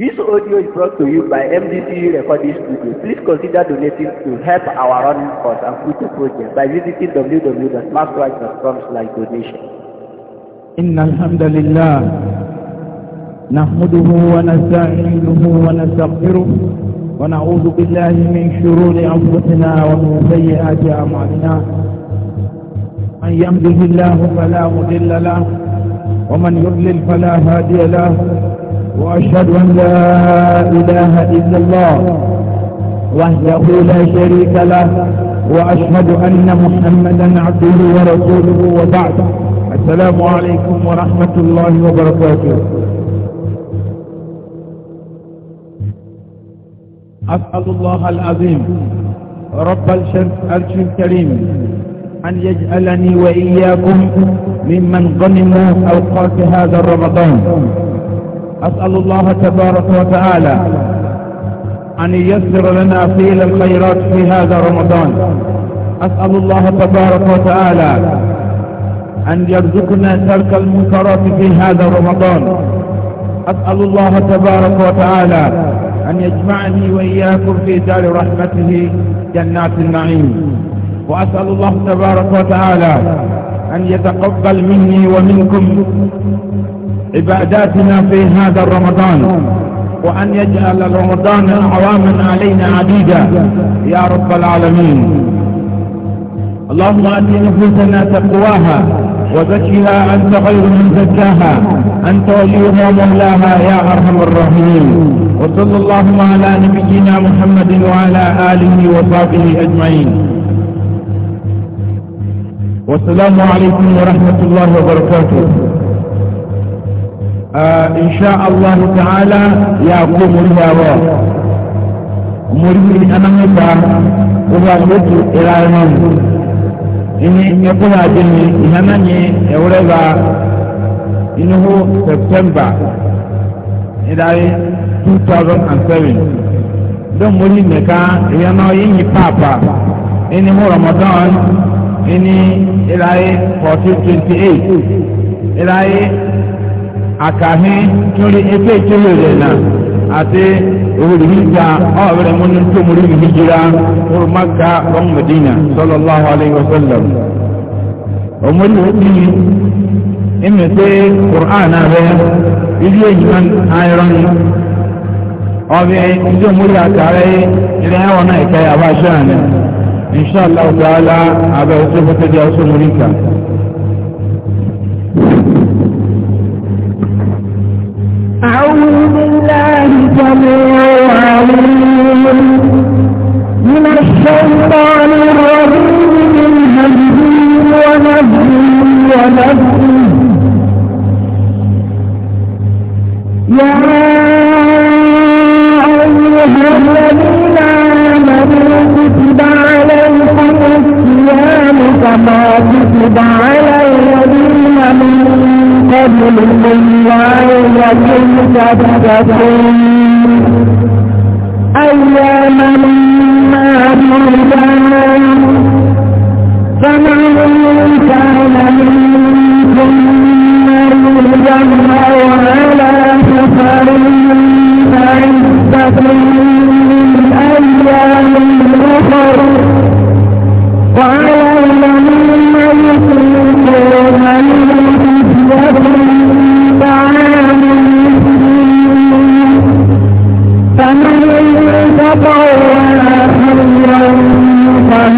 This audio is brought to you by MDCU Recording Studio. Please consider donating to help our running costs and future projects by visiting www.smartwatch.com slash donation. إن الحمد لله نحمده ونستعينه ونستغفره ونعوذ بالله من شرور أنفسنا ومن سيئات أعمالنا من يهده الله فلا مضل له ومن يضلل فلا هادي له وأشهد أن لا إله إلا الله وحده لا شريك له وأشهد أن محمدا عبده ورسوله وبعد السلام عليكم ورحمة الله وبركاته أسأل الله العظيم رب العرش الكريم أن يجعلني وإياكم ممن غنموا أوقات هذا الرمضان أسأل الله تبارك وتعالى أن ييسر لنا فيل الخيرات في هذا رمضان أسأل الله تبارك وتعالى أن يرزقنا ترك المنكرات في هذا رمضان أسأل الله تبارك وتعالى أن يجمعني وإياكم في دار رحمته جنات النعيم وأسأل الله تبارك وتعالى أن يتقبل مني ومنكم عباداتنا في هذا رمضان وأن يجعل رمضان عواما علينا عديدة يا رب العالمين اللهم أن نفوسنا تقواها وزكها أنت خير من زكاها أنت وليها مولاها يا أرحم الراحمين وصلى اللهم على نبينا محمد وعلى آله وصحبه أجمعين والسلام عليكم ورحمة الله وبركاته insha Allah ta'ala ya ko muriyawa muri ana mata uba mutu iranan ini ya kula jini ihana ni eureba inuhu September idai 2007 don muri meka ihana yinyi papa ini hu Ramadan ini idai 1428 idai akahi nyori efe kyerere na ate owurri hijja ọbẹrẹ mu nínú tómori mi hijira wọ́n maka wọ́n medina sallallahu alayhi wa sallam ọmọdé wọ́n ti ẹ̀mẹ̀ pé qur'an abẹ́ ilé ìyìnbọn ayọ̀rọ̀ ọbẹ̀ ilé ìmúlẹ̀ àkàrẹ́ ilé ẹ̀wọ̀n náà ìkẹyà bá ṣáà ní inṣàlá ọ̀gá alá abẹ́ òṣèlú tó jẹ́ òṣèlú أعوذ بالله سميع عليم من الشيطان الرجيم من همزه ونفسه يا أيها الذين آمنوا كتب عليكم الصيام كما كتب على الذين من فضل الله وتتقون أياما معدودا فمن كان منكم مريضا أو على سفر فعدة من أيام أخر وعلى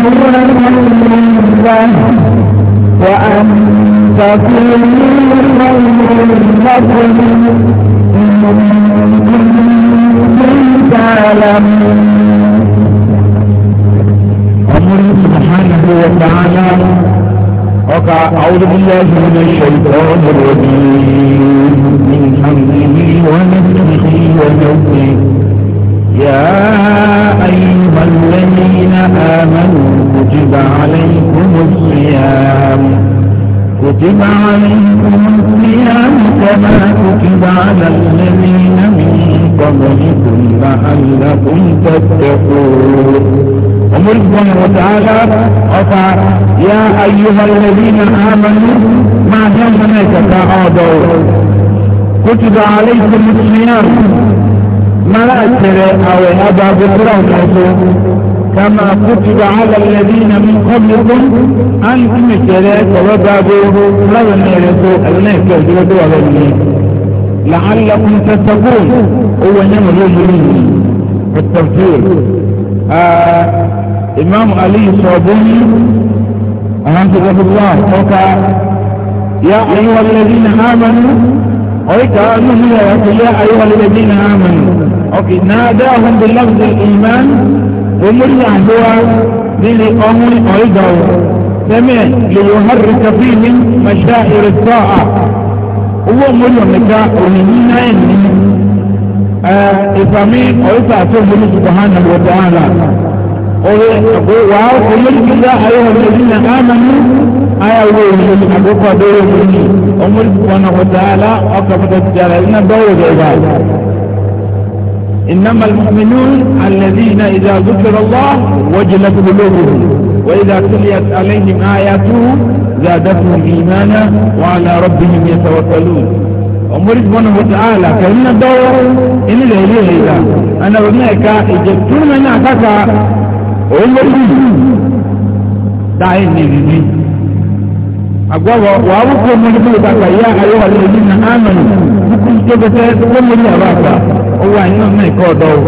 مميزة وأن تكونوا خير لكم إن تعلمون الله سبحانه وتعالى وقع أعوذ بالله من الشيطان الرجيم من حمده ونفسه ونفسه يا أيها الذين آمنوا كتب عليكم الصيام كتب عليكم الصيام كما كتب على الذين من قبلكم لعلكم تتقون ومن سبحانه وتعالى قطع يا ايها الذين امنوا ما دام ما تتعاضوا كتب عليكم الصيام ما أكثر أو أبا بكرة كما كتب على الذين من قبلكم أنتم الشريك وبابوه لن يرسوا أبنائك الجلدوا أبنائك لعلكم تتقون هو نعم الرجل التفسير آه إمام علي صابوني رحمه الله فقال يا أيها الذين آمنوا أولئك آمنوا يا أيها الذين آمنوا أوكي ناداهم باللفظ الإيمان ومرنا هو للقوم أيضا سمع ليحرك فيهم مشاعر الطاعة هو مرنا مكا ومنين إفامين آه، أو إفاعته سبحانه وتعالى وأوصي يا أيها الذين آمنوا آية ويوم أبوك دور مني أمر سبحانه وتعالى أقبض الجلالين دور العباد إنما المؤمنون الذين إذا ذكر الله وجلت قلوبهم وإذا تليت عليهم آياته زادتهم إيمانا وعلى ربهم يتوكلون ọmọdé سبحانه وتعالى كأن àlà إن náà dọwọ ẹni lè rí èyí la òun ló sì dá ẹni ìrírí àgbọ̀wọ̀ wà á wúkú ọmọ nípa ìgbàgbà ìyá ayọ́wà lórí ní nà ánà nípa ìjọbẹ̀tẹ̀ ó lórí àbá àgbà owó àyínà náà ẹ̀kọ́ ọ̀dọ́ o.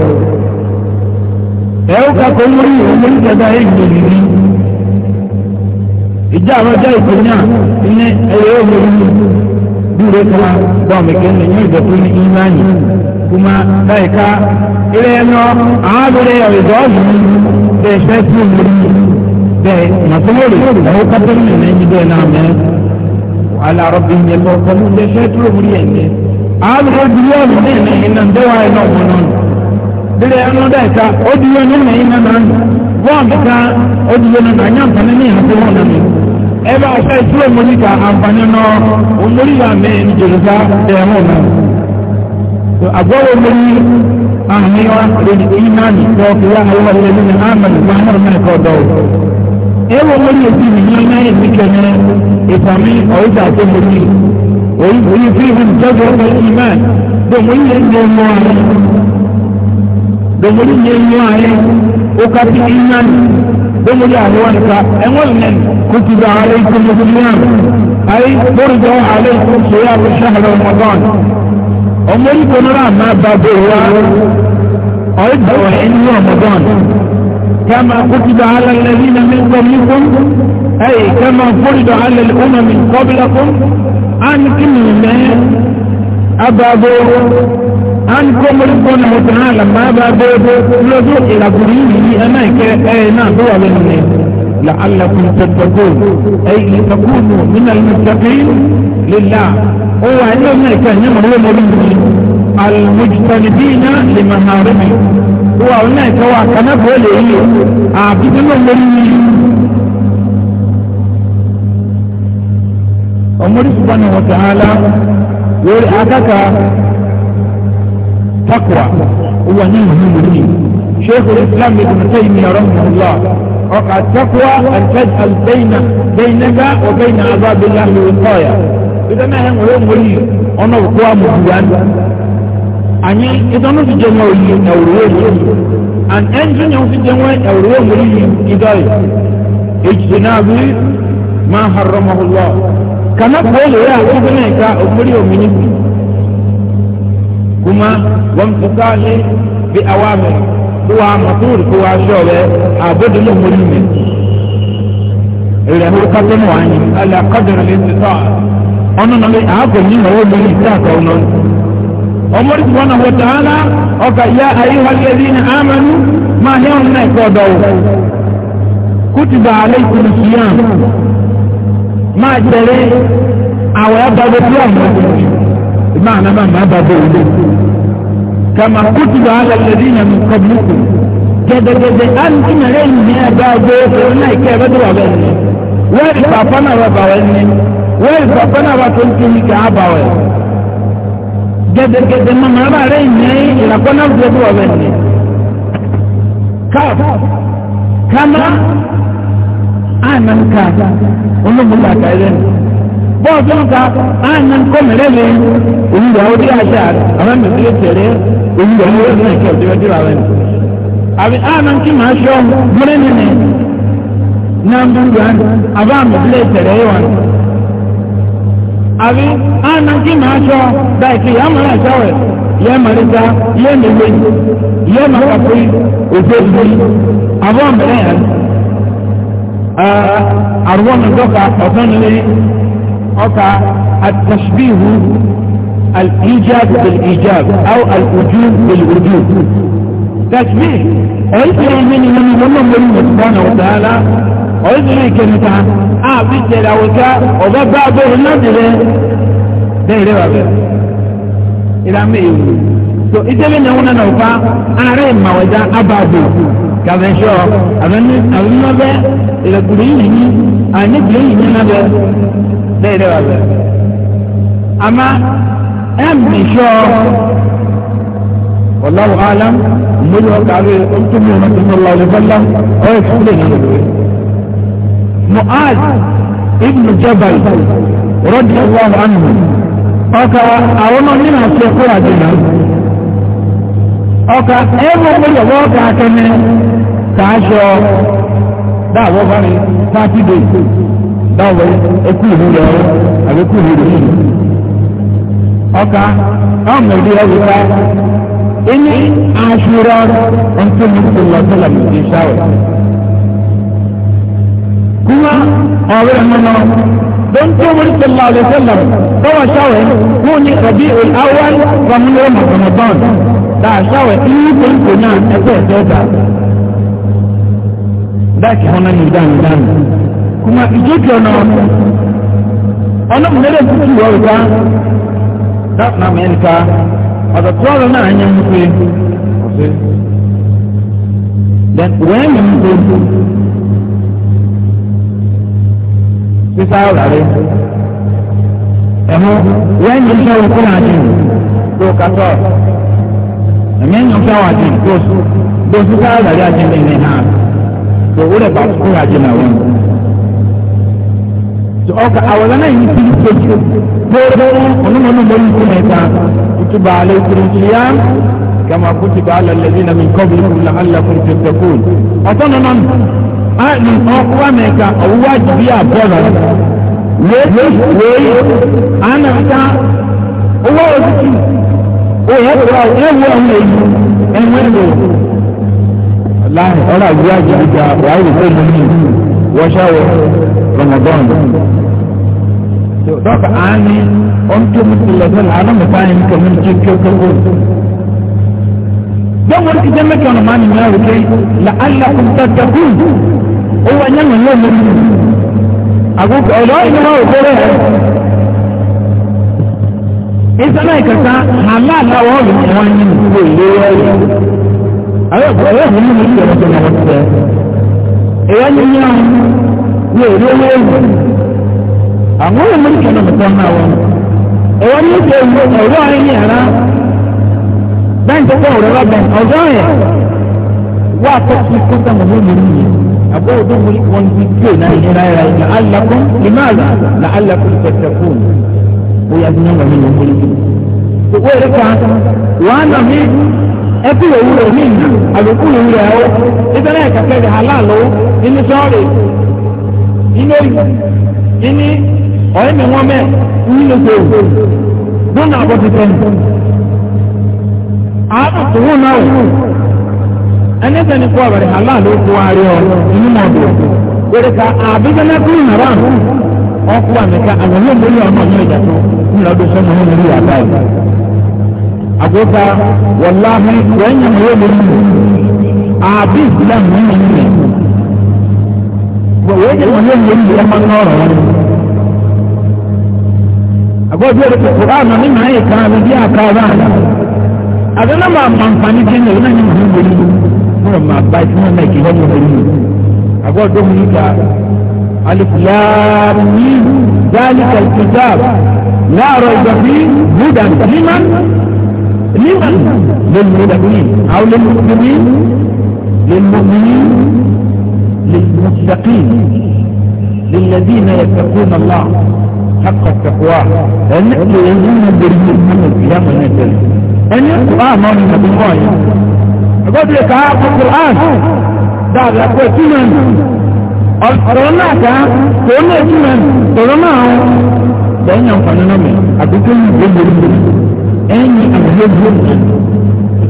ẹ̀ ó kakọ̀ lórí ọmọ nípa ìjọba ẹ̀yìn ìrírí ìjà àwọn ọjọ́ ìpínyà ní ẹ̀yẹ ọmọ ìlú dúró kama bọ́ọ̀mù kẹ́ni ní ìdọ̀tún ní ìmáyì kuma dáìka ilé ẹ̀yọ́ àwọn abẹ́rẹ́ ọ̀rẹ́dọ́ọ̀lù bẹ fẹ́ sí ìlú bẹ màtúwòrì àwọn kápẹ́rì nìyẹn ní bẹ́ẹ̀ náà mẹ́ alárọ̀ bí yẹn lọ pẹ̀lú bẹ fẹ́ tó lórí ẹ̀ ní. àlùkò dúró ọ̀nà ní ìlànà iná ń dẹ́wà ẹ̀ náà wọn náà bílẹ̀ ẹnu dẹ́ka ó dúró ní ìlànà iná náà wọ́n kíkà ó dúró ní ìhàtí wọn náà mi. ẹ bá ọ̀sẹ̀ náà òmórí أهمية للإيمان وفي أيها الذين آمنوا وأمر من قدوا أيوة من يسير هنا يمكن إسامي أو ذات إيه مريد ويفيهم تجربة الإيمان دمولي النوع دمولي النوع وكاتب إيمان دمولي أهوانك أولا كتب عليكم الإيمان أي فرضوا عليكم صيام الشهر رمضان ọmọ oríko náà máa bá bò wá ọjọ́ ẹni ọmọdún kama kutiba ala alladhina min qablikum ay kama furida ala al-umam min qablikum an kinna ababo an komori kona wa ta'ala ma ababo lodo ila gurini ana ke eh na do wa ne la'allakum tattaqun ay litakunu min al-muttaqin lillah هو علم الكهنم هو مريد المجتنبين لمهارمه هو هناك هو كنف وليه عبد الله مريد ومريد سبحانه وتعالى والعدك تقوى هو نيه مريد شيخ الإسلام ابن تيمية رحمه الله وقع التقوى أن تجعل بين بينك وبين عذاب الله وقاية ìdáná ẹ̀ wọ́n mọ̀ yìí ọ̀nà òkú àmọ̀dúwádìí anyị ịdọnụ si jẹ nwere oyi ewuru omori and engine yẹn si jẹ nwere ewuru omori yi idọyi ejide na-abụ ma haram ọhụlọ kana kwa ụlọ ya ọkụkọ na-eka omori omini kuma wọn tụta ahị bi awami kuwa maturu kuwa shọwe abudu na omori mi ilẹ̀ hurukatun wa anyi ala kadar lè ti sọ́ọ̀ ọ̀nà nàlẹ́ àákò ní ìmọ̀ wọ́n lórí ìta àkọ́ ọ̀nà. ọmọ rí wọn àwọn tààlà ọkà ìyá ayé wa lẹ́rí ní amánú máa yẹ ọ̀nà ẹ̀kọ́ ọ̀dọ̀wọ̀. kútìbà alẹ́ ìkùnú síyàn máa tẹ̀lé àwọn abàbọ̀ tó àmọ́ máa nà máa bàbọ̀ òde. kàmá kútìbà alẹ́ lẹ́rí ní àmì kọ́bùkù gẹ́gẹ́gẹ́gẹ́ àmì ìyàrá ìyìn ní àgbà àgbẹ̀ òkè náà ìkẹ́ ẹ̀rọ wọ́n ìfọ̀ fẹ́lẹ́ àwa tó ń kiri kí á bá wẹ̀. gẹ́gẹ́gẹ́gẹ́ mọ́mọ́ ẹ bá rẹ̀ ní ìràpọ̀ náà fi ẹbí wọ̀ bẹ̀ ní. káf kámá ànànkà olómùlà kàìrẹ́ nù. bọ́ọ̀dù nǹka ànànkọ́ mẹ́rẹ́lẹ́ olùdó àwọn ọdí àṣà àwọn mẹ́tìrẹ́ tẹ̀lé olùdó àwọn ọdí àṣà ọdí ọdí rà wẹ̀ nù. àbí ànànkì máa ṣọ́ mẹ́rẹ́nìní náà ń dúró àbá mẹ́tìrẹ́ tẹ̀lé wọn àbí àná kí màá sọ dáìkì yà máa sọ rẹ̀ yẹ màlẹ́ta yẹ mẹ́lẹ́ yẹ màá fi òfé ìlú àbọ̀ mẹ́rẹ̀ yẹn. àrùwọ̀ mi dọ́ka ọ̀sán ni ọkà àtàṣbíhù الإيجاب بالإيجاب أو الوجوب بالوجوب تشبيه أي شيء من من الله سبحانه وتعالى أي شيء كنتها àbí jẹ̀dá wòtá ọ̀bẹ bá abẹ́rẹ́ náà dìde bẹ́ẹ̀ rẹ̀ wà bẹ́ẹ̀ ìlànà èwù so ìtẹ́lẹ̀ náà wọn náà fa ààrẹ ìmàwẹ̀dá abàbò kàfẹ́sọ̀ àbẹ̀nàbẹ́ ìlẹ̀kùnrin yìí ní àníbìlẹ̀ yìí ní nàbẹ́ bẹ́ẹ̀ rẹ̀ wà bẹ́ẹ̀ àmà ẹ̀mìsọ̀ wàláwù alam mọ́lẹ́wà kàwé ọ̀tún mi ọ̀nà tó ń lọ lọ́wọ́ lọ́wọ́ ọ̀ معاذ ابن جبل رضي الله عنه ọkà àwọn onínà tí ó kúrò àjẹ́nà ọkà ẹgbẹ́ ọmọdé ọwọ́ ọkà akẹ́mẹ́ tààṣọ dáàwọ́ bárí pàtí dé dáàwọ́ ẹkú ìlú rẹ̀ àbẹ́kú ìlú rẹ̀ ọkà ọmọdé ọwọ́ ẹni àṣírọ́ ọ̀tún ní ìlọ́tọ́lá ìṣáwẹ̀ kuma ọ̀rẹ́ mọ́nà don tó wọ́n sọ̀lá ọ̀rẹ́ sọ̀lá tọ́wọ́ ṣáwẹ̀ wọ́n ní ọ̀bí àwọn ramúlẹ̀ mọ̀kànlọ́bọ̀n tá a ṣáwẹ̀ inú tó ń kò náà ẹgbẹ́ ìjọba dákì hàn ní ìdáhùn dáhùn kuma ìjókè ọ̀nà ọ̀nà mọ̀lẹ́lẹ̀ tuntun wọ̀ ọ̀gá dákì náà mẹ́ta ọ̀dọ̀ tó ọ̀rọ̀ náà yẹn mú pé wẹ́ẹ̀ yẹn mú pé sísá ọ̀làrí ẹ̀hún wẹ́n ní sọ òkú náà jìn tó kátọ́ ẹ̀mí ní sọ wà jìn tó tó sísá ọ̀làrí àjìn ní ìhà tó wúlẹ̀ bá kú àjìn náà wọn. ọkà àwòrán náà yìí kiri kejì gbogbo onímọ̀nù mọ́lú kú mẹ́ta kutuba alẹ́ kiri kiri yá kama kutuba alẹ́ lẹ́dínà mi kọ́ bí kú làálàkùn tẹ̀tẹ̀kùn ọ̀tọ́ nínú a ní ọkwa mẹ́ka ọwụwa jibi abụọ wee a na-ata ụwa osisi oye pụrụ ewu ọhụrụ eyi enwere láàrin ọ̀rọ̀ àgbé àjẹjà wàhálì tó mú ní wọ́ṣáwọ̀ ramadan. dọ́kà á ní ọ̀n tó mú sílẹ̀ sọ́la alámọ̀tá yẹn kẹ́mi ní kíkẹ́ kẹ́kọ̀ọ́ don wani ki jannat wani ma ni na rufe la'allakum tattaqun o wa nyan nan nan ago ko lo ni ma o ko re eh, isana ikata halal na wo ni won ni ko le wa yi ayo ko ayo ni ni ko ko na wa se e ya ni ni ni o re wa yi àwọn ọmọ ìkànnì ọ̀tọ̀ náà wọn ẹ̀wọ́n ní ìṣe ìwé ọ̀rọ̀ ayé ní ara bẹ́ẹ̀ tó kọ́ ọ̀rẹ́ rọ́bẹ̀ ọ̀dọ́ yẹn wà á tọ́ sí kọ́tà mọ̀mọ́ mi nìyí àbọ̀ ọdún mi wọn ti gbé náà ní náírà yìí là alakun limaala là alakun tẹtẹkùn ó yà dúnyà wọn ní wọn kọ́ owó yẹn kọ́ wàá nà mí ẹkú lòwú rẹ̀ mí nà àlòkù lòwú rẹ̀ ọ́ ìtẹ́lẹ̀ kàkẹ́ rẹ̀ halal o inú sọ́ọ̀rì inú ìní ọ̀rẹ́ mi wọ́n gbòòrò lọ́nà àbọ̀tẹ̀tẹ̀ àádọ́ tó wù náà wù ẹni sẹ́ni kú ọ̀rẹ́ aláàlú kú ààrẹ ọ inú mọ̀ ọ̀dọ̀ wẹ́rẹ́ ká àbíjẹ́ náà kúrò nàrà ọkú àmẹ́ká àwọn ọmọ ìmọ̀lẹ́ ọmọ ọmọ ìjà tó ńlá ọdún sọ́mọ ọmọ ìlú àbá yìí. àgbẹ̀ká wọláhí wẹ́nyẹ̀ mọ̀ yóò lóyún àbí ìsìlẹ̀ mọ̀ ní ìlú rẹ̀ wọ́n yẹ mọ̀ yóò lóyún ẹ̀ma náà rọ̀ wọ́n. àgbẹ̀ká àdánà máa fa nǹkanì tí ní ọ̀nà yìí ń wọlé fún ọmọ àgbà tí wọn náà kì í lọ́mọ wọlé yìí àgọ́dọ̀ mi ká alifulaami dálíkà ìtìjáàb láàárọ̀ ìgbàgbé buda liman liman lẹ́nu mọ́dàbí àwọn lẹ́nu mọ́dàbí lẹ́nu mọ́dàbí lẹ́nu mọ́dàbí للذين يتقون الله حق التقوى لأنه يزن بالمؤمن القيامة نزل ẹni ọmọ ní ọdún mọ́ yìí ọgọ́dẹ̀ ká ọkùnrin dáadáa pé túnmọ̀ ní ọ̀rọ̀ náà ká tòun náà túnmọ̀ ní tòun náà ń lẹ́yìn àǹfààní náà mẹ́ àdúgbò yìí ló lè lò ẹ̀yìn àdúgbò yìí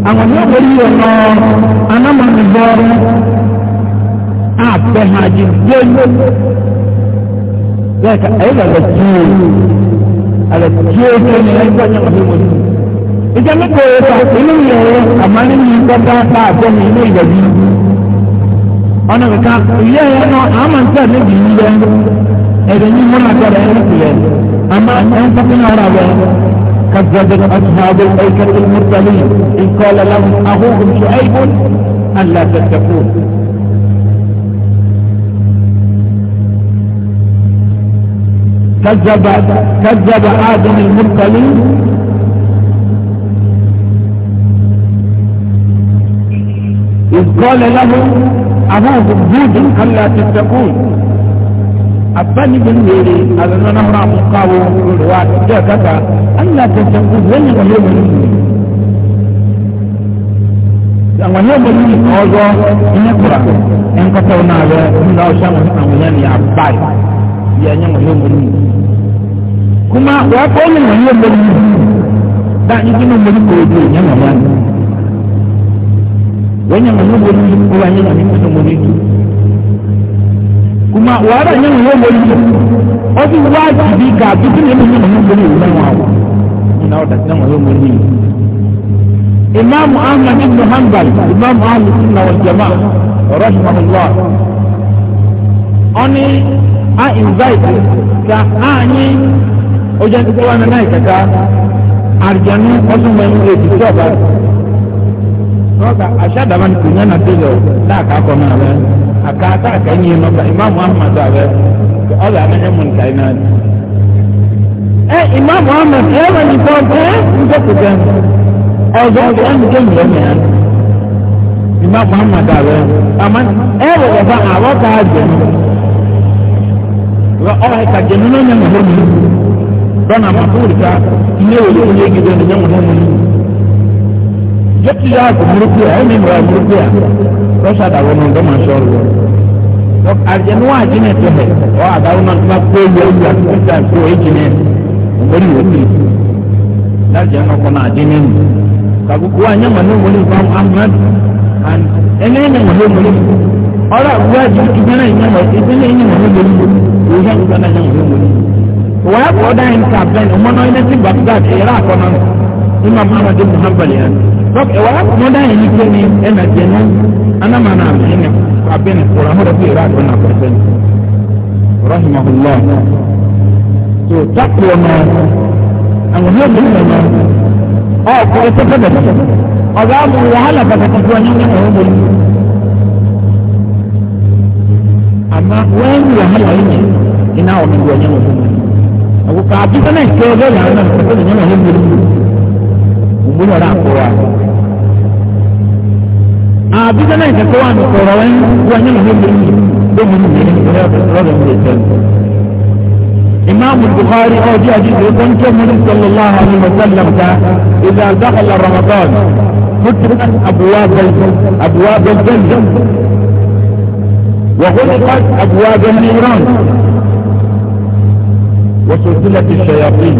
àwọn yóò wọlé ọ̀nà anámọ̀nìbọ̀ àpẹ̀hàjì gbẹ́yìn bẹ́ẹ̀ ká ẹ̀yìn ìjẹ́ nípa ẹ̀ka ilé ilẹ̀ àmọ́ nínú ìgbọ́dá tá a jẹ́ ní ilé ilẹ̀ yìí ọ̀nà kẹta ilé ẹ̀ náà àmọ́ nípa níbi ilẹ̀ ẹ̀rẹ̀ ní mọ́nà gbọ́dọ̀ ẹ̀ nípìlẹ̀ àmọ́ ẹ̀ ń tọ́kùn náà rà wẹ̀ كذبت أصحاب الأيكة المرسلين إن قال لهم أخوهم شعيب ألا تتقون كذب كذب آدم المرسلين إذ قال له أبوه بود ألا تتقون أبني بالميري هذا نهر مقاوة والواد جاكتا ألا تتقون لن يغير مني àwọn yóò mọ ní ọjọ́ ilé kura ẹnkọ́tọ́ náà rẹ ńlá ọ̀ṣà wọn àwọn yẹn ní àbáyé yẹ ẹ̀yẹ wọn yóò mọ ní. kùmà wọ́n kọ́ ọ́ ní wọn yóò mọ ní. dáa ní kí ni mo ní kò ojú ìyẹn wọn yẹn wannan wannan wani kuma yana ne kuma wani kuma wàhálà yẹn wọ́n wọ́n wọ́n yìí ọdún wáàjì bíi ká bíbí ni èmi yẹn wọ́n wọ́n yìí wọ́n wọ́n wọ́n nínú imam Ahmad ibn hanbal imam Ahmad, sinna wa jama rahmatulah ọni a invite ka anyi ojú ẹni tó wà nínú àyíkàtà àrùjẹnu ọdún mẹ́rin ètùtù ọ̀bá n'ọka aṣáàdàbà ni kùnyẹ́ nà tẹ́lẹ̀ o láàka akọ náà rẹ àka àtàkà ẹ̀yìn yẹn n'ọka ìmáàmù ahmadu àrẹ ọ̀là àmì ẹ̀mú nìkà iná rẹ. ẹ ìmáàmù ahmadu ẹ wà ní bọ́ọ̀dù ẹ ń dọ́kítà ọ̀dọ́ ọ̀dọ́ ẹ̀ ń gé mi ẹ̀mí ẹ̀ ìmáàmù ahmadu àrẹ àmà ẹ wọ̀ wọ̀ bá àwọ̀ ká jẹ ọ̀hẹ́ kàjẹ nínú ẹ̀yẹ mọ̀mọ́ mi dọ́nà àmàkùnrin ká ilé òye òye gidi ẹ̀ jẹ́tí yá àgò burúkú ẹ̀ ẹ̀mí ìmọ̀ràn burúkú ẹ̀ lọ́sà dàgbọ́ náà dọ́mà sọ̀rọ̀ àjẹnú àjẹnà tó hẹ̀ ọ́ àdáwọ̀ náà tó bá pé ìwé ìwé àtúntà tó èjìnà òmòrì òkè lájẹ̀ ọkọ̀ náà àjẹnà nù kàbùkù wa nyẹ́ mọ̀lẹ́ wọlé fún ahmed ẹni ẹni mọ̀lẹ́ wọlé ọ̀rọ̀ àbúrò àti ìgbẹ́rẹ́ ìyẹn mọ̀ ìdílé ẹni mọ̀lẹ́ wọlé òun yẹn gbọ́dọ̀ náà nyẹ́ mọ̀lẹ́ wọlé. wọ́n yà kọ́ dáhìn ká bẹ́ẹ̀ ni ọmọ náà ẹni tí bàbá àti ìyára àkọ́nà ìmọ̀ àmàlà dé muhammed yẹn dɔk ɛwɔ mo da yɛn nike ni ɛna deɛ no anama na ɛna abe ne kora ho dɔk yɛrɛ ato na kɔsɛn rahimahullah so takoɔ no ahohɛ bi ne no ɔɔkɔ ɛsɛ fɛdɛ ɔdɔ abo wahala pàtàkì tó ɔnyɛ nyɛ ɔwɔ bolo ama wɔn wahala yi nyɛ ina ɔmo do ɔnyɛ ɔwɔ bolo àwòkọ àbísẹ́ náà kẹ́ ẹ lọ́yà náà kọ́kọ́ lè nyẹ́ ɔwɔ bolo ògbóni ọ̀dà àkọ́wà. àbíjẹ́ náà ìṣẹ̀kọ́ wà ní ọ̀rọ̀ ẹ̀ wọ́n yẹn lọ́wọ́ lórí lórí ní ìṣẹ̀kọ́ rọ́ọ̀dọ̀ ní ìṣẹ̀kọ́. إمام البخاري أو جاء جزء يقول كم صلى الله عليه وسلم إذا دخل رمضان فتحت أبواب أبواب الجنة وغلقت أبواب النيران وسلسلة الشياطين.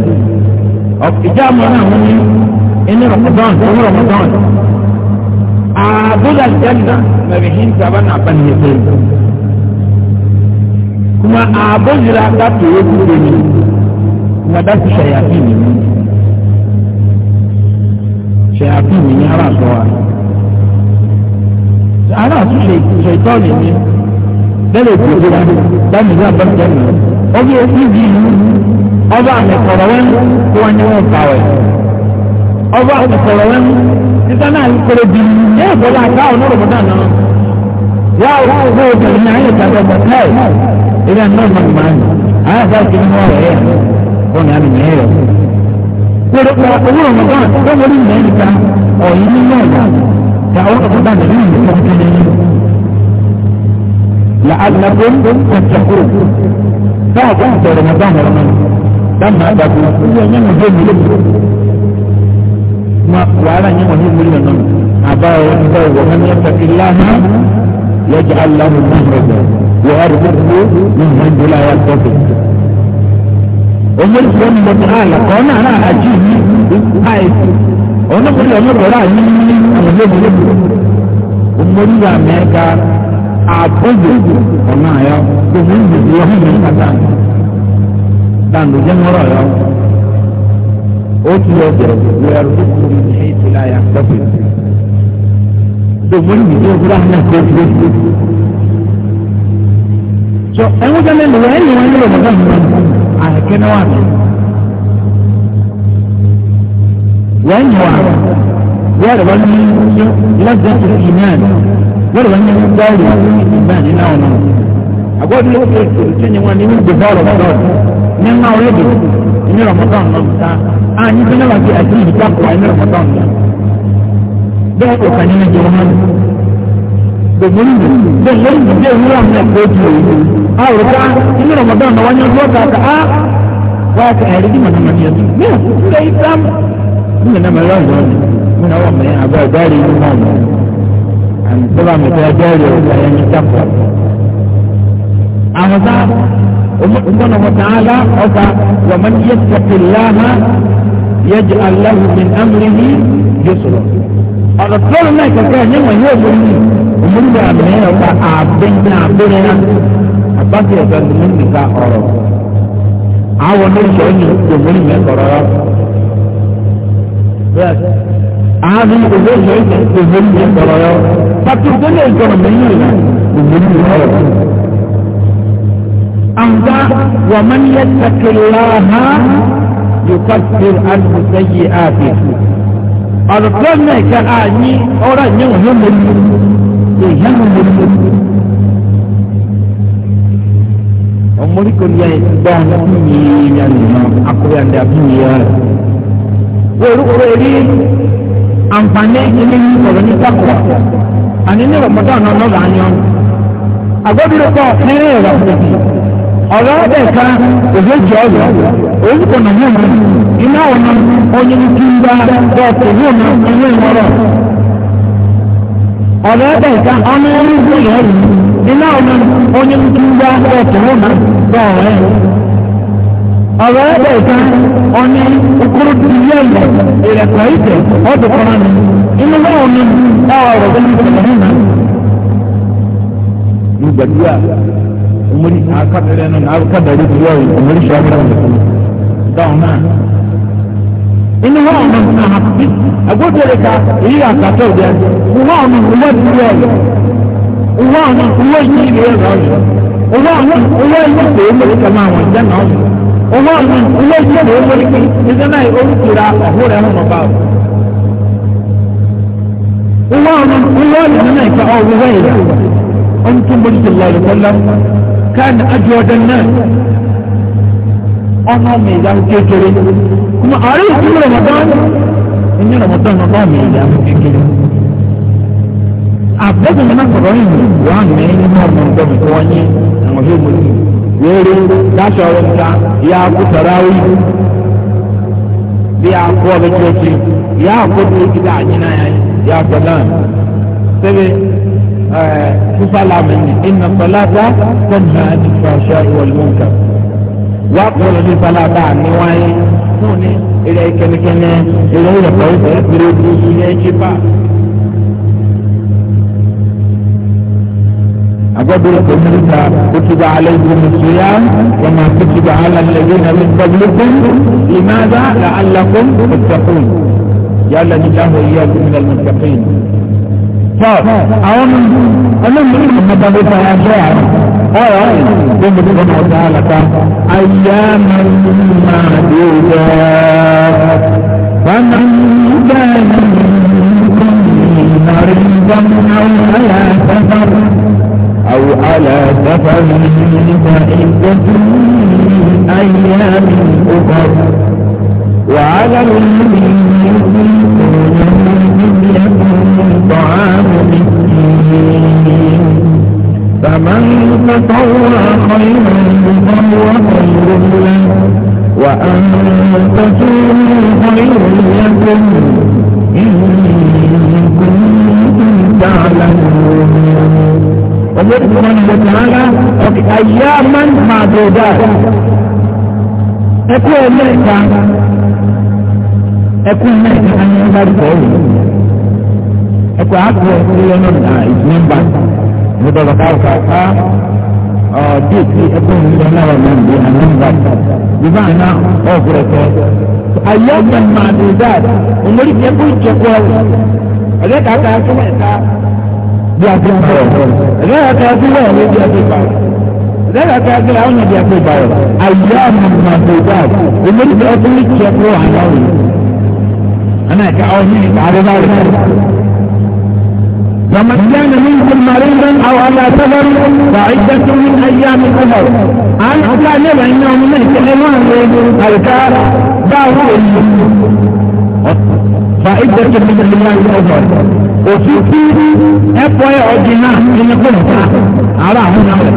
أو إجابة هنا نعم، إن رمضان هو رمضان أعبد الجنة مبهين سبان أبن يسين كما أعبد رأتك يكوني ودك شياطين شياطين من يرى سواه ara tún ṣe ṣe ìtọ́ni ni lẹ́lẹ̀ tó ṣe dáàbì ní abẹ́tẹ́ mi ó bí etí bí ọba àmì kọ̀rọ̀ wẹ́n kó wọn ní wọn kàwé ọba àmì kọ̀rọ̀ wẹ́n nípa náà ń pèrè bí ní ìbọ̀lá àgbà ọ̀nà rọ̀mọ̀dá náà yà ó wọ́n wọ́n obìnrin náà yẹ kàdé ọgbà táì ilé ẹ̀ náà mọ̀gbà ni àwọn àgbà ti mú ọ̀rẹ́ yẹ wọ́n ní àmì yẹn yọ. wọ́n pa owó rọ̀mọ̀dá tó wọ́n ní ìyẹn níta ọ̀yìn ní náà ta ó rọ̀mọ̀dá náà ní ìyẹn tó kéde ní. làálàbọ̀n kọ̀tàkùn táà kọ́ ma wàhálà yẹn wọn ní mílíọ̀n náà àbáwọ̀ níbẹ̀ wọ̀ wọn ní ẹ̀fẹ̀ ìlànà yẹjẹ aláwọ̀ náà rẹ̀ wọ̀ ẹ̀rọ gbogbo ní nàìjíríà yà tọ́kẹ̀. omori fún mi lọ́tọ̀ àlà kọ́ náà náà àjí mi àìsí ọ̀nà kò lọ́nà rọ̀rọ̀ àyè ní àwọn olóògbé omori wà mẹ́ka àbójú ọ̀nà àyà òmùn ìgbèsè ọ̀hún mi kàtà ó ti yọ jẹ wẹrù lọ́pẹ̀. Tòmọ́lì mi ní òwúrọ̀ àná kó tó tó. Sọ ẹ̀wọ́n jẹ́ mẹ́lẹ̀ wọ́n ẹ̀yìn wọn nílò mọ́tò ìgbà àìkẹ́ náà wà mí. Wọ́n yàn wá wọ́n rẹ̀ wọ́n ní lọ́jọ́ tó ti náà wọ́n rẹ̀ wọ́n ní gbọ́ọ̀lù ìgbà nínú àwọn ọmọ. Àgọ́dúnlé ó fi ètò ìtúnyẹ̀wọ̀n ní gbogbo ọ̀rọ̀ náà ní ní rọmọdán náà a ní bí náà wà sí àti ìdíkà kọ ní rọmọdán náà bẹ́ẹ̀ kò kà nínú ìjọ wọn gbogbo nínú bẹ́ẹ̀ lẹ́yìn ìdílé ìwúrọ̀ ah, náà kó di òyìnbó a rò ká ní rọmọdán náà wọ́n yẹn lọ́ọ́ ta ká á ah, wáá ka ẹ̀rí dì mọ̀nà mọ̀nà yẹn bí wọ́n ti lè dám ní mọ̀nà mọ̀nà yẹn wọ́n mi náà wọ́n mi àbọ̀ ìbáyìí ní mọ̀ mi àmì sábà mi tẹ́ ẹgbẹ́ rẹ̀ ọ̀gá yẹn ní سبحانه وتعالى أفا ومن يتق الله يجعل له من أمره يسرا أغفر لك كان يوم يوم ومن بعد ما يوقع عبدين عبدين أبقى يزال من نكاح أرى عوى نرجع أن يكون من يقرأ عادي أبقى يزال من يقرأ فتبقى يزال من يقرأ أنزا ومن يتق الله يكفر عنه سيئاته ọ̀rọ̀kọ́ náà ká a ní ọ̀rọ̀ ní òhun mọ̀lú èyí mọ̀lú ọmọdékò ní ẹ̀yìn gbọ́ ọ̀nà fún mi ní àná akọ̀wé àti àbúrò yẹn rẹ̀. wọ́n orúkọ rí àǹfààní ilé yìí sọ̀rọ̀ ní sákòwà àní ní rọ̀mọ́tà náà lọ́dọ̀ àyàn. àgbẹ̀bí ló kọ́ ní ìrọ̀lẹ́ ọ̀rọ̀ ọ̀bẹ ká òbí jẹ́ ọ̀rọ̀ orúkọ nà yóò mọ̀ iná ọ̀nà onye ní kí n bá bọ́ọ̀tù yóò mọ̀ ọ̀nà ìmọ̀rọ̀ ọ̀rọ̀ ọ̀bẹ ká ọ̀nà orí ìgbóyè ọ̀rọ̀ iná ọ̀nà onye ní kí n bá bọ́ọ̀tù yóò mọ̀ bọ́ọ̀rẹ́ ọ̀rọ̀ ọ̀bẹ ká ọ̀nà okoro ti yẹ lọ ìrẹ̀kọ̀ ìtẹ̀ ọ̀dọ̀ kọ́ra nù inú náà ọ̀nà ọ̀rọ̀ ọ̀rọ̀ umuri akadere no akadere yo umuri shamira dauna inu wa ono na hapi agodere ka iri akato de uwa ono uwa diyo uwa ono uwa yiri yo uwa ono uwa yiri yo umuri kama wa jana uwa ono uwa yiri yo umuri ki izana i orukura ahure no bawo uwa ono uwa yiri na ka o oh, uwa yiri on tumbo sallallahu alaihi wasallam كان أجود الناس أنا ميدان كيكري كما أعرف في رمضان إن رمضان الله ميدان كيكري àbẹ́bí mi náà sọ̀rọ̀ yìí wà ní inú ọmọ nǹkan mi wọ́n yé àwọn yóò mú mi wéèrè láṣọ ọ̀rọ̀ nǹkan ìyá akó sàráwì bí akó ọ̀bẹ tí ó ti ìyá akó tó ti dá àyínáyà ìyá akó náà sẹ́bi تسأل عني إن الصلاة تنهى عن الفحشاء والمنكر وأقول في صلاة عن نواي نوني إلى كن كن إلى إلى قوي بريد إلى كبا أقول لكم أنت كتب عليكم الصيام وما كتب على الذين من قبلكم لماذا لعلكم تتقون جعلني الله إياكم من المتقين طيب اهم اهم ما بقى يا ايوه بما سبحانه وتعالى اياما معدودات فمن كان منكم مريضا او على سفر او على سفر فعدة ايام اخر وعلى الذين يؤمنون لكم طعام مسكين فمن تطوع خيرا فهو خير له وأن تكونوا خير لكم إن كنتم تعلمون الله سبحانه وتعالى أياما معدودات أكون ملكا أكون ملكا أن يبارك ẹ̀kọ́ àgbọ̀ ìlú náà ìdílẹ́mbà ní bàbá káwọ́ká ká ọ̀dí ètí ẹ̀kọ́ ìlú náà wà ní ìlú ànàmbà ìbá àná ọ̀gbọ̀rọ̀ kọ́. ayé ọ̀gbẹ̀ máa ní dáa òmòrí fi ẹ̀kọ́ ìjẹ̀kọ́ ọ̀rẹ́ kàkà sílẹ̀ ká bí a ti ń bọ̀ ọ̀rẹ́ kàkà sílẹ̀ ọ̀rẹ́ bí a ti bá lẹ́yìn àti agbẹ́rẹ́ àwọn ọ̀dẹ́ àti ìbáyọ̀ àyà màmàdùdà olórí ní kí ẹ àná òun. ẹnna ẹ̀ka ọ̀hún ní àdébáyọ̀. ومن كان منكم مريضا او على سفر فعدة من ايام اخر أن كان انه من احتمال الكار داوود فعدة من ايام اخر وفي ẹ̀fọ́ ẹ̀ ọ̀dìnà ẹni kò ní ká ara àwọn ọ̀rẹ́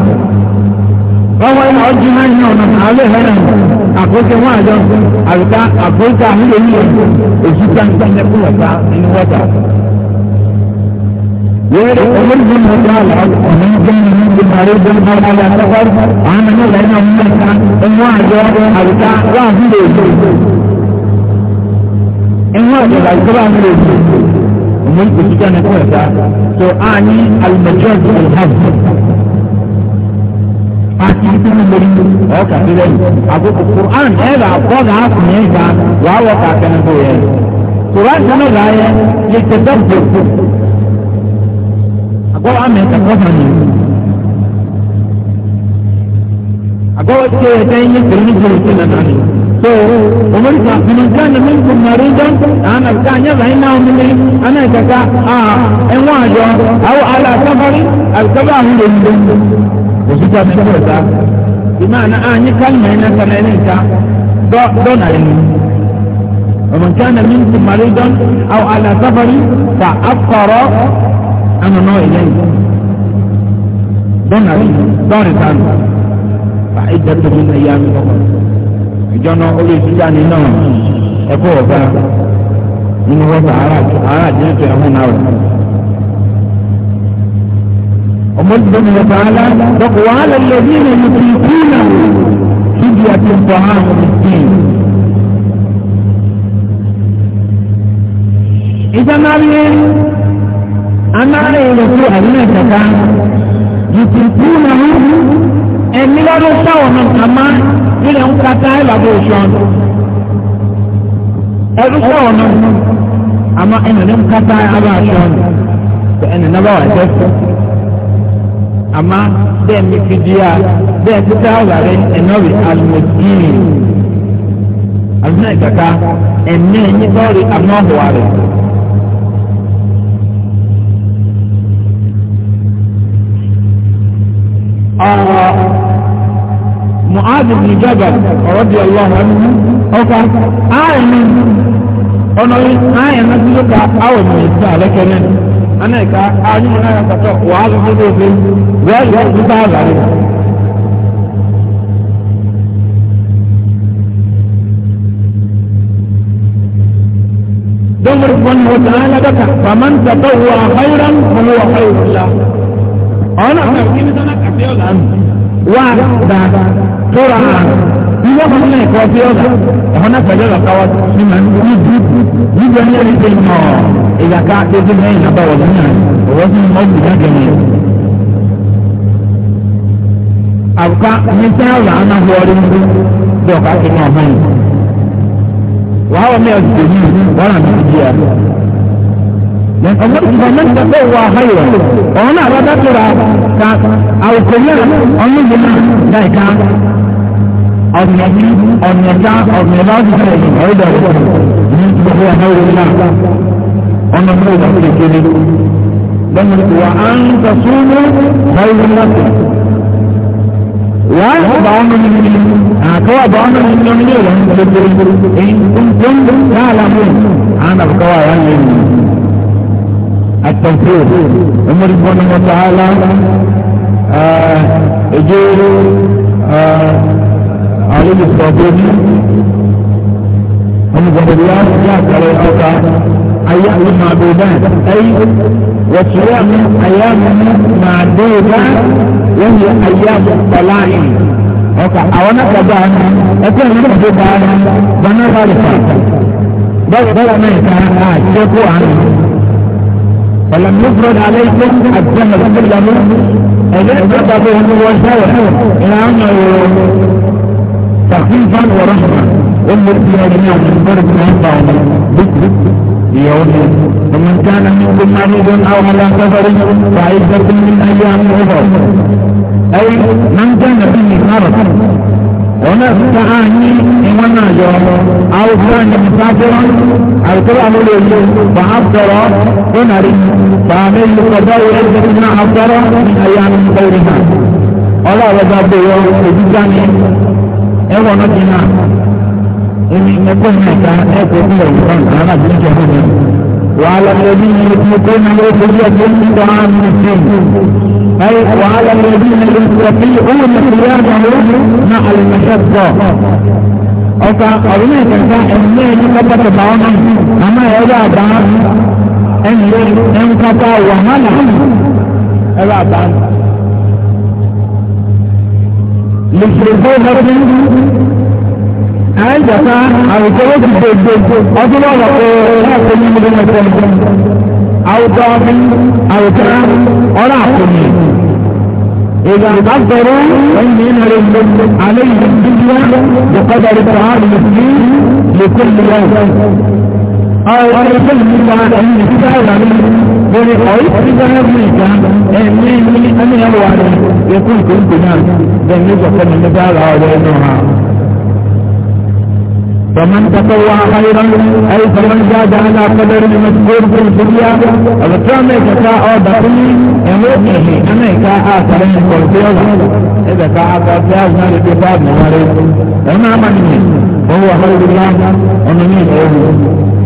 ọwọ́ ẹ̀ ọ̀dìnà ẹni ọ̀nà àlẹ́ ẹ̀rẹ́ àkókò wọn àjọ àrùká àkókò àmúlò yìí èsì sáńtà ẹni kò ní ká ẹni wọ́ta. வேறு ஒவ்வொருவரும் என்றால் அனைத்தும் மீண்டும் அறிவிக்கும் போனாலும் ஆனால் என்ன உண்மைதான் அதுதான் குரான் சொன்னதாய agọwa mẹta kọfà ni agọwa tí o yẹ kẹ́ ẹ̀yẹ kiri ní kiri sí nana ni so omori kan funu kan na mi kun mari dɔn ana ka nya la ina o mimi ana ka ka aa ɛnwa ajɔ awo ala sabari alikaba ahu le ndo o si ta fi kɔta ima na a nyi kalima ina kana ina ka dɔ dɔ na ina. ومن كان منكم مريضا او على سفر فافطر anu nɔ ilé yi dɔnari dɔnri tanu fa idza tobi na ya mi kɔkɔ ìjọ náà ó lè fi jáde náà ɛkó ɔba nínú rɔba ara ara jẹ́ tó ɛhún náà rẹ̀ ọmọdé bẹ́ẹ̀ ni wọ́n ala dọ́kọ̀ wàhálà lẹ́bí ni mo ti kú náà síbi àti mpọ̀ ha mo ti kú yìí. ìjọ amáre ìrètí àdínà ìjọba yìtìtì náà ẹni lọ́dún sáwọn nàkàmá nílẹ̀ ń kata ìlàbọ̀ òṣùwọ̀n ẹdún sáwọn nàkàmá àmọ́ ẹnì ní ń kata ìlàbọ̀ òṣùwọ̀n ẹnì nàbà wà jẹ́ fún àmọ́ bẹ́ẹ̀ mi fi di a bẹ́ẹ̀ títí àwàrẹ́ ẹ̀nọ́rì àlùmọ̀dìrì àdínà ìjọba ẹ̀mí ẹ̀yìn bọ́ọ̀lì àmọ́ ọ̀hùwàrẹ́. آه، معاذ بن جبل رضي الله عنه او كان آية عالم انا اي انا ذكرت او ميت عليك انا انا كان انا كنت اقول له بين وين ذهب عليه دمر من هو تعالى فمن تطوع خيرا فهو خير الله ọ̀nà ọ̀nà kíni sọ́nà kàfé ọ̀gá nù. wá da tóra ìwọ fún mi kọ fí ọ̀gá ọ̀hún náà fẹ̀lẹ́ lọ́kàwọ́ ní ma ní bí níbi ẹni ẹni ṣe mọ̀ ìyàká ẹgbẹ́ mẹ́rin náà bá wọ̀ lọ́nà ọ̀wọ́ fún mi ọ̀gbìn náà gẹ̀mí. àbùká mi sẹ́ ọ̀gá ọ̀nà wọ́ọ̀rí ń bí bí ọ̀ká kí ní ọ̀hán yìí. wàá wọ ìfọ̀mẹ́ntẹ̀ bẹ́ẹ̀ wọ ahayọ̀ ọ̀hún náà lọ́dọ̀ tóra ka àwòkòyà ọ̀nùgbìnà dáìka ọ̀nẹ̀kí ọ̀nẹ̀ká ọ̀nẹ̀lá ọ̀dùnkà ẹ̀yìn ọ̀rẹ́dà ọ̀dùnkà ní gbogbo ahayọ̀ náà ọ̀nà mọ́ ìwà kékeré lẹ́nu wà á ń sọ̀sọ́nù báyìí lọ́sẹ̀ wàá bá ọmọ mi ní àkọ́wà bá ọmọ mi ní ọmọ mi ní ń kékeré التوفيق عمر سبحانه وتعالى اجير علي الصابوني هم الله جاءت على الأوقات أيام معدودات أي وشريع من أيام معدودات وهي أيام الطلائع أوكا أولا كبان أكون لك بان بنا غالفا بل بل ما يتعلم شكو عنه فلم يفرض عليكم الذهب إلا منه إذا تقضوا وسائل إلى أنه تخفيفا ورحمة انظر فيها جميعا من برد مهبة ومن يوم ومن كان منكم مريضا أو على سفر فعزة من أيام أخرى أي من كان فيه مرض wọn ẹ̀ka ààyè ìwọ̀n náà yọ àwùjọ ìyẹ̀mùsá fẹ́ràn àwùjọ àmúlò ìlú bá a sọ̀rọ̀ ó nà rí bá a mi lù kọjá ìrẹ́ ìdẹ́kùn náà a sọ̀rọ̀ ní ayé àmì ìkọrin náà ọlọ́ọ̀rọ̀ bá gbé yọ ojú dání ẹ̀wọ̀n náà ti náà ẹ̀kọ́ ìmọ̀ ẹ̀ka ẹ̀kọ́ ìmọ̀ ìfọ̀n وعلى الذين يتقون عبودية الدعاء من الدين أي وعلى الذين يستطيعون قيام عبود مع المشقة أو كأولية كذا إن لا يمكن أما إذا دان إن لا يمكن تبعنا إذا دان لشرفوا àìjọba àwùjọ ó ti gbogbo ọdún lọ́wọ́ pé láàpọ̀ ní ìlú ẹ̀kọ́ àwùjọ ọdún àwùjọ ọ̀rọ̀ àkùnrin إذا قدروا فإن عليهم الدنيا بقدر الطعام المسكين لكل يوم أو أرسل من بعد أن يتعلم بني قيس إذا أمريكا أمين من أمين الوالد يقول كنت نام بني قصر النبال على نوعها فمن تطوع خيرا اي فمن جاء على قدر مذكور في الدنيا وكان يتساءل بقي يموت به انا كاء سليم قلت إذا كان فاز من الاتفاق موارد وما مني هو خير الله ومنين أوه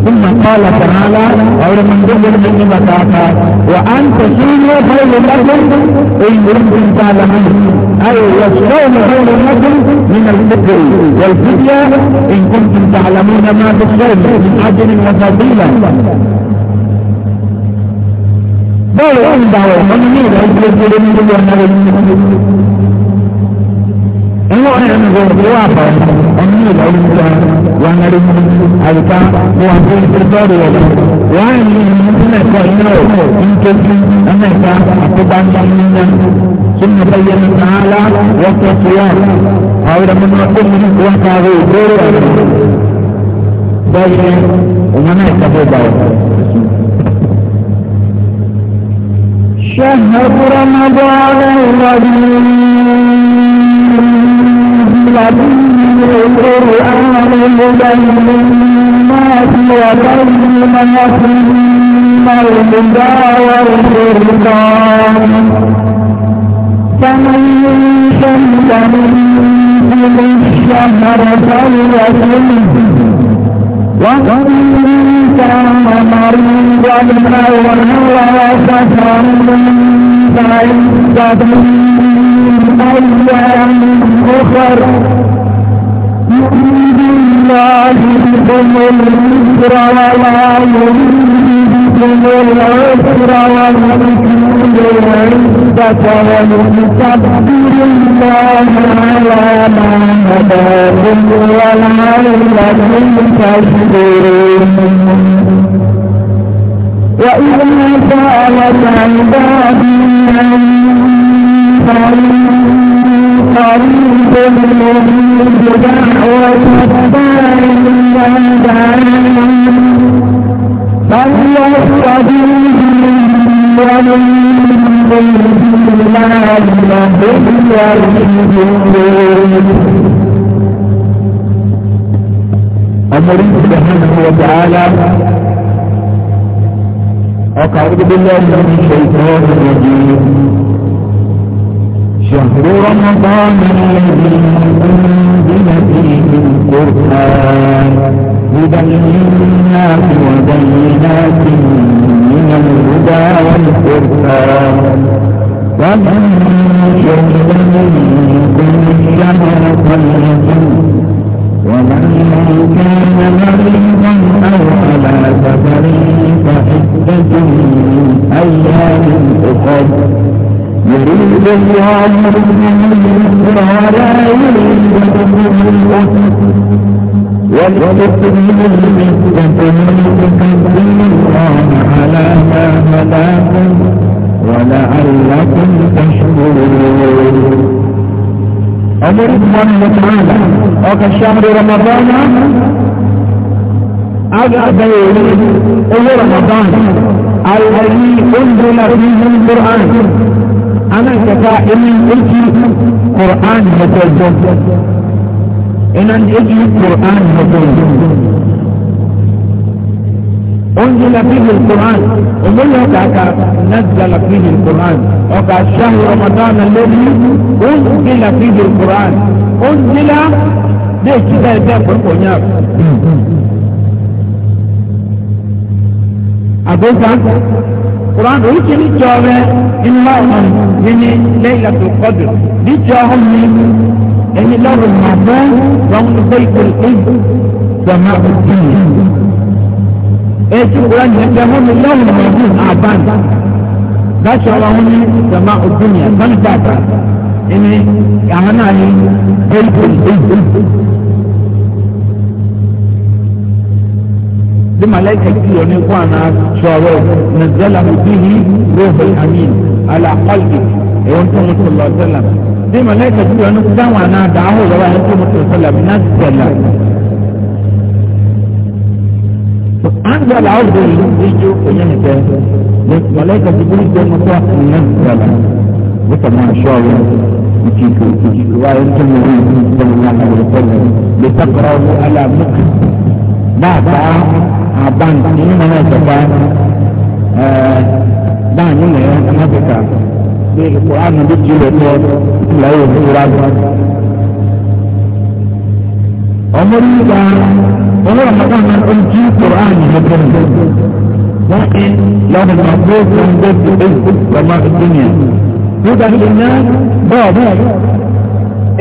ثم قال تعالى أو من دبر من بكاتا وأن تسيروا خير لكم إن كنتم تعلمون أي يسرون خير لكم من الفكر والفدية إن كنتم تعلمون ما تسرون من أجل وفضيلة بل عند ومنين أجر من النبي Nwa ya ni gbogbo wa fa ọmọ ní ìlà olùkọ́ wa ń rí àyíká wa tó ń tẹ́tọ́ rẹ̀ wọ̀ wá ní ìmúlẹ̀ ẹ̀kọ́ iná ọ̀ ń tẹ́tí ẹ̀mẹ́ ẹ̀ka àkóbá ń bá ní yẹn. ثم بين تعالى وقت الصيام أو لما نقول من وقت الغدور بين ومن شهر رمضان الذي القرآن هدى للناس وبينات من الهدى والفرقان فمن شمت منكم الشهر فليصمه ومن كان مريضا او على سفر فعدة أيام أخر يريد الله بكم اليسر ولا يريد بكم العسر ولكن العزة ولتكبر الله على ما هداكم ولعلكم تشكرون وإذا سألك عبادي قريب مجيب دعوة الداعي إذا دعان فليستجيبوا وليؤمنوا بما لعلهم يرشدون أمره سبحانه وتعالى أقعد بالله من الشيطان الرجيم شهر رمضان الذي أنزل فيه القرآن هدى للناس وبينات من الهدى والقرآن فمن شهد منكم الشهر فليصم ومن كان مريضا أو على سفر فعدة أيام أخر يريد الله ولا يريد والمسلمين تكبرون على ما هداكم ولعلكم تشكرون أمر سبحانه وتعالى أوك الشهر رمضان أبعد يريد أمر رمضان الذي أنزل فيه القرآن ana kata ina eki qur'an hotojo ina eki qur'an hotojo أنزل فيه القرآن أمي أكاكا نزل فيه القرآن أكا شهر رمضان الذي أنزل فيه القرآن أنزل ده كده ده فرقونيا أبوكا Quran orí ti ní jọ rẹ nínú láwọn nínú lẹ́yìn àti ìkọdù níjọ ọ̀hún ni ẹni lọ́rùn máa bọ́ wọn gbé ìpèlè gbọmọ òbí yìí. Ètò Quran yẹn jẹ́ wọn ni lọ́rùn máa bọ́ àbán. Láti ọ̀rọ̀ wọn ni gbọmọ òbí yìí àbán bàbà. Ẹni àwọn náà ni gbé ìpèlè gbọmọ. دي ملائكة كتير نقوانا شعرون نزله به روح الأمين على قلبك يوم إيه صلى الله عليه وسلم دي ملائكة كتير نقوانا دعاه لله يوم صلى الله عليه وسلم أنزل عرض يجو وينك ملائكة كتير نقوانا نزل وطبعا شعرون يجيكو يجيكو ويمكن صلى الله عليه وسلم لتقرأه على مكتب بعد àbáǹtì ní mọ́nà ìjọba báàní mọ̀ ẹ́ amẹ́ríkà bí ipò ànàbí jù lọ tọ́ ìlà òní ìwádìí. ọmọ yìí gba ọlọ́run bàbá mi ó jí ìkòrò ààyè lọ́dún mi. wọ́n ti lọ́dún náà bó fún bẹ́ẹ̀sì èyí lọ́mọ ìdíyẹn. nígbà tí ìyá bọ́ọ̀ bọ́ọ̀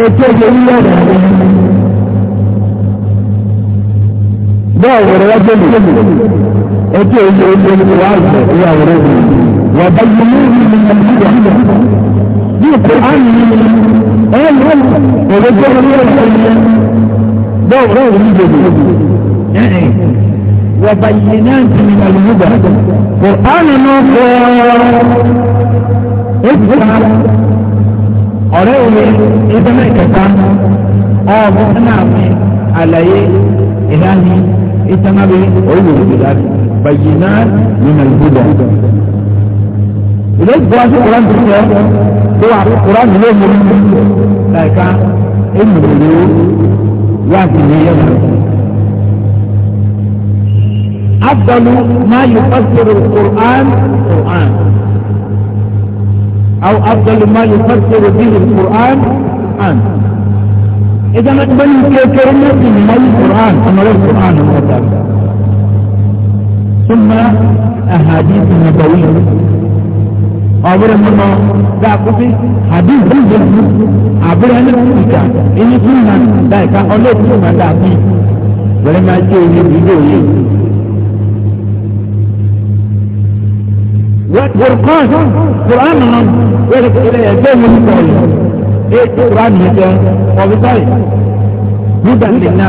ètò ìyẹ́wò lọ́dún mi. bẹ́ẹ̀ wẹ̀rẹ̀ wá jẹ́ lùdù ẹtí òye olóòtú wa àgbẹ̀ ní àwòrán ìlú wà bá yẹ ní ìlú ní nàìjíríà bí ìpè áyì ẹ̀ ń lọ òwe tó ń lọ sí ẹ̀yẹ bẹ́ẹ̀ wẹ̀rẹ̀ wọ̀nyí lòdì wà bá yẹ náà ti ní nàìjíríà kò áyì náà fẹ́ ètò ọ̀rẹ́ òye ìdáná ìkẹta ọ̀bùn náà fi àlàyé ìdáná ìtànà bí oyún ìgbìlá bàyìnà nínú ìgbìlá. ìlú ìgbìlá sí kuran tó yẹ tó wà kuran ìlú ìmúlò láìka ìmúlò wà sí ní yẹn. أفضل ما يفسر القرآن القرآن أو أفضل ما يفسر به القرآن أنت إذا ما تبني كلمة من القرآن أما القرآن ثم أحاديث النبوية عبر مما دعكوتي حديث بالجنة عبر أن الكتاب إن سنة ذلك أولا لك سنة دعكي ولما جئني بجوي وقرآن قرآن ولك إليه جوه الكتاب ètò ìwádìí mi jẹ ọ̀bísọ́rì nígbà tí náà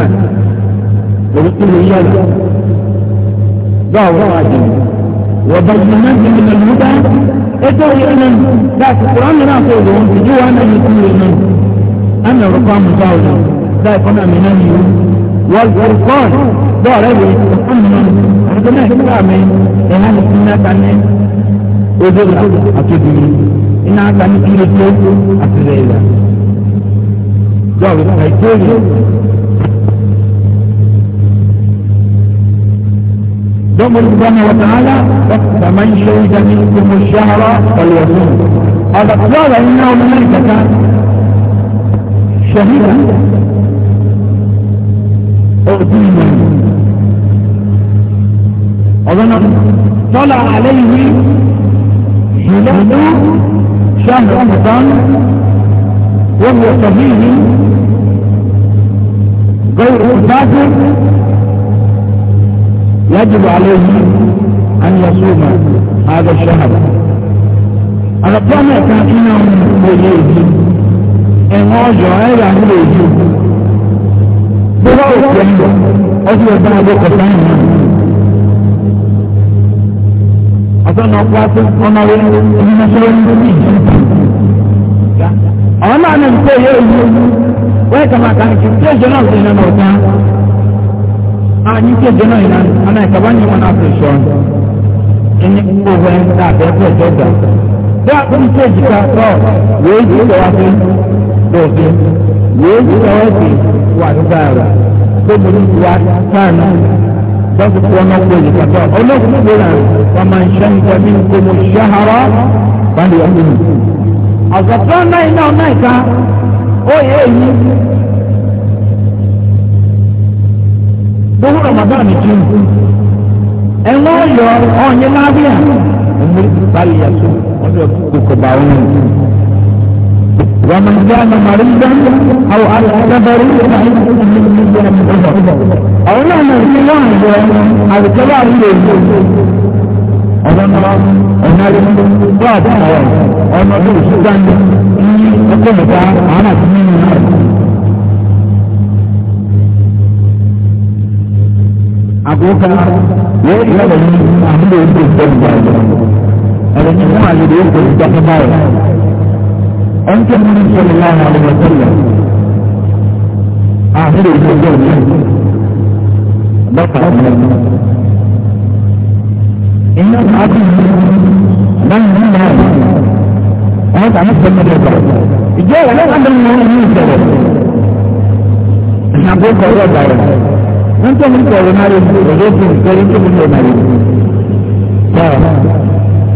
òun ti lè yẹ lọ báwo wọ́n wá jẹ wọ́n bá yìí náà ti lè lù bá ètò ìwé náà dáàtì kùrán náà kò lò ó ìdí wa náà yìí ti lè lù ẹnì rẹ̀ kọ́ àmúta ọ̀dọ̀ dáì kọ́ náà mi náà yìí wọ́n kọ́ bọ́ọ̀rẹ́ mi ọ̀hún mi àti náà ìgbà mi ẹ̀hán mi ti náà ta ní ojú àti obìnrin. iná àtàní kí ló tó àti rẹ̀ rẹ̀ jọ́ọ̀lù nàìjíríà دم سبحانه وتعالى فمن شهد منكم الشهر فليصوم هذا قال انه ملكك شهيدا اغتيما اظن طلع عليه هلال شهر رمضان وهو طبيعي غير مسافر يجب عليه أن يصوم هذا الشهر على أنا كان إنه موليدي إنه جعل موليدي بلغت يحب أجل بعض قصائنا ọ̀sán ọ̀pọ̀lọpọ̀ ọmọ rẹ̀ ìrìnàṣẹ́ orí àwọn náà ní ìpé yóò yí wọ́n kà máa kàní kí tí èjọ náà sí ìrìnà ọ̀tá àní tí èjọ náà ìrìnà ọ̀nà ìkàbá ní wọn àti ìṣọ́ ẹni gbogbo ẹni tá àbẹ́ ẹ̀kọ́ ìjọ gbà bí àkókò tí èjì ká sọ wèé jù lọ wá sí lòdì wèé jù lọ wá sí wà nígbà rà tó mú ní ìwà sáà náà báwo kó ọ̀nà ọ̀pọ̀ yìí kàtà ọlọ́kùnrin gbéra wọn máa ń ṣẹ́yìn tẹ̀mí kó mo ṣe ara báyìí ọ̀pọ̀ mi. àgbàtà náà iná náà ìka ó yẹ èyí. gbogbo ramadan ni jim ẹ̀wọ̀n ọ̀yọ́ ọ̀nyẹ́ lábíà ọmọ ìbálẹ̀ yàtọ̀ ọ̀dọ̀ kókò bá wọn. ومن كان مريضا او على سفر فعدة من مدة او لا نرجع على كلام أظن أن الانضباط أو أن السودان يقوم على سنين أبوك يجب أن يعمل الانضباط أن يعمل الانضباط أنت النبي صلى الله عليه وسلم أعمل الجواب بقى إن العبد من من هذا أنا تعمدت المدرسة الجواب لا عند المؤمنين سبب إحنا نقول قوة دائرة أنت من قوة مالي وغيرت من قوة من قوة مالي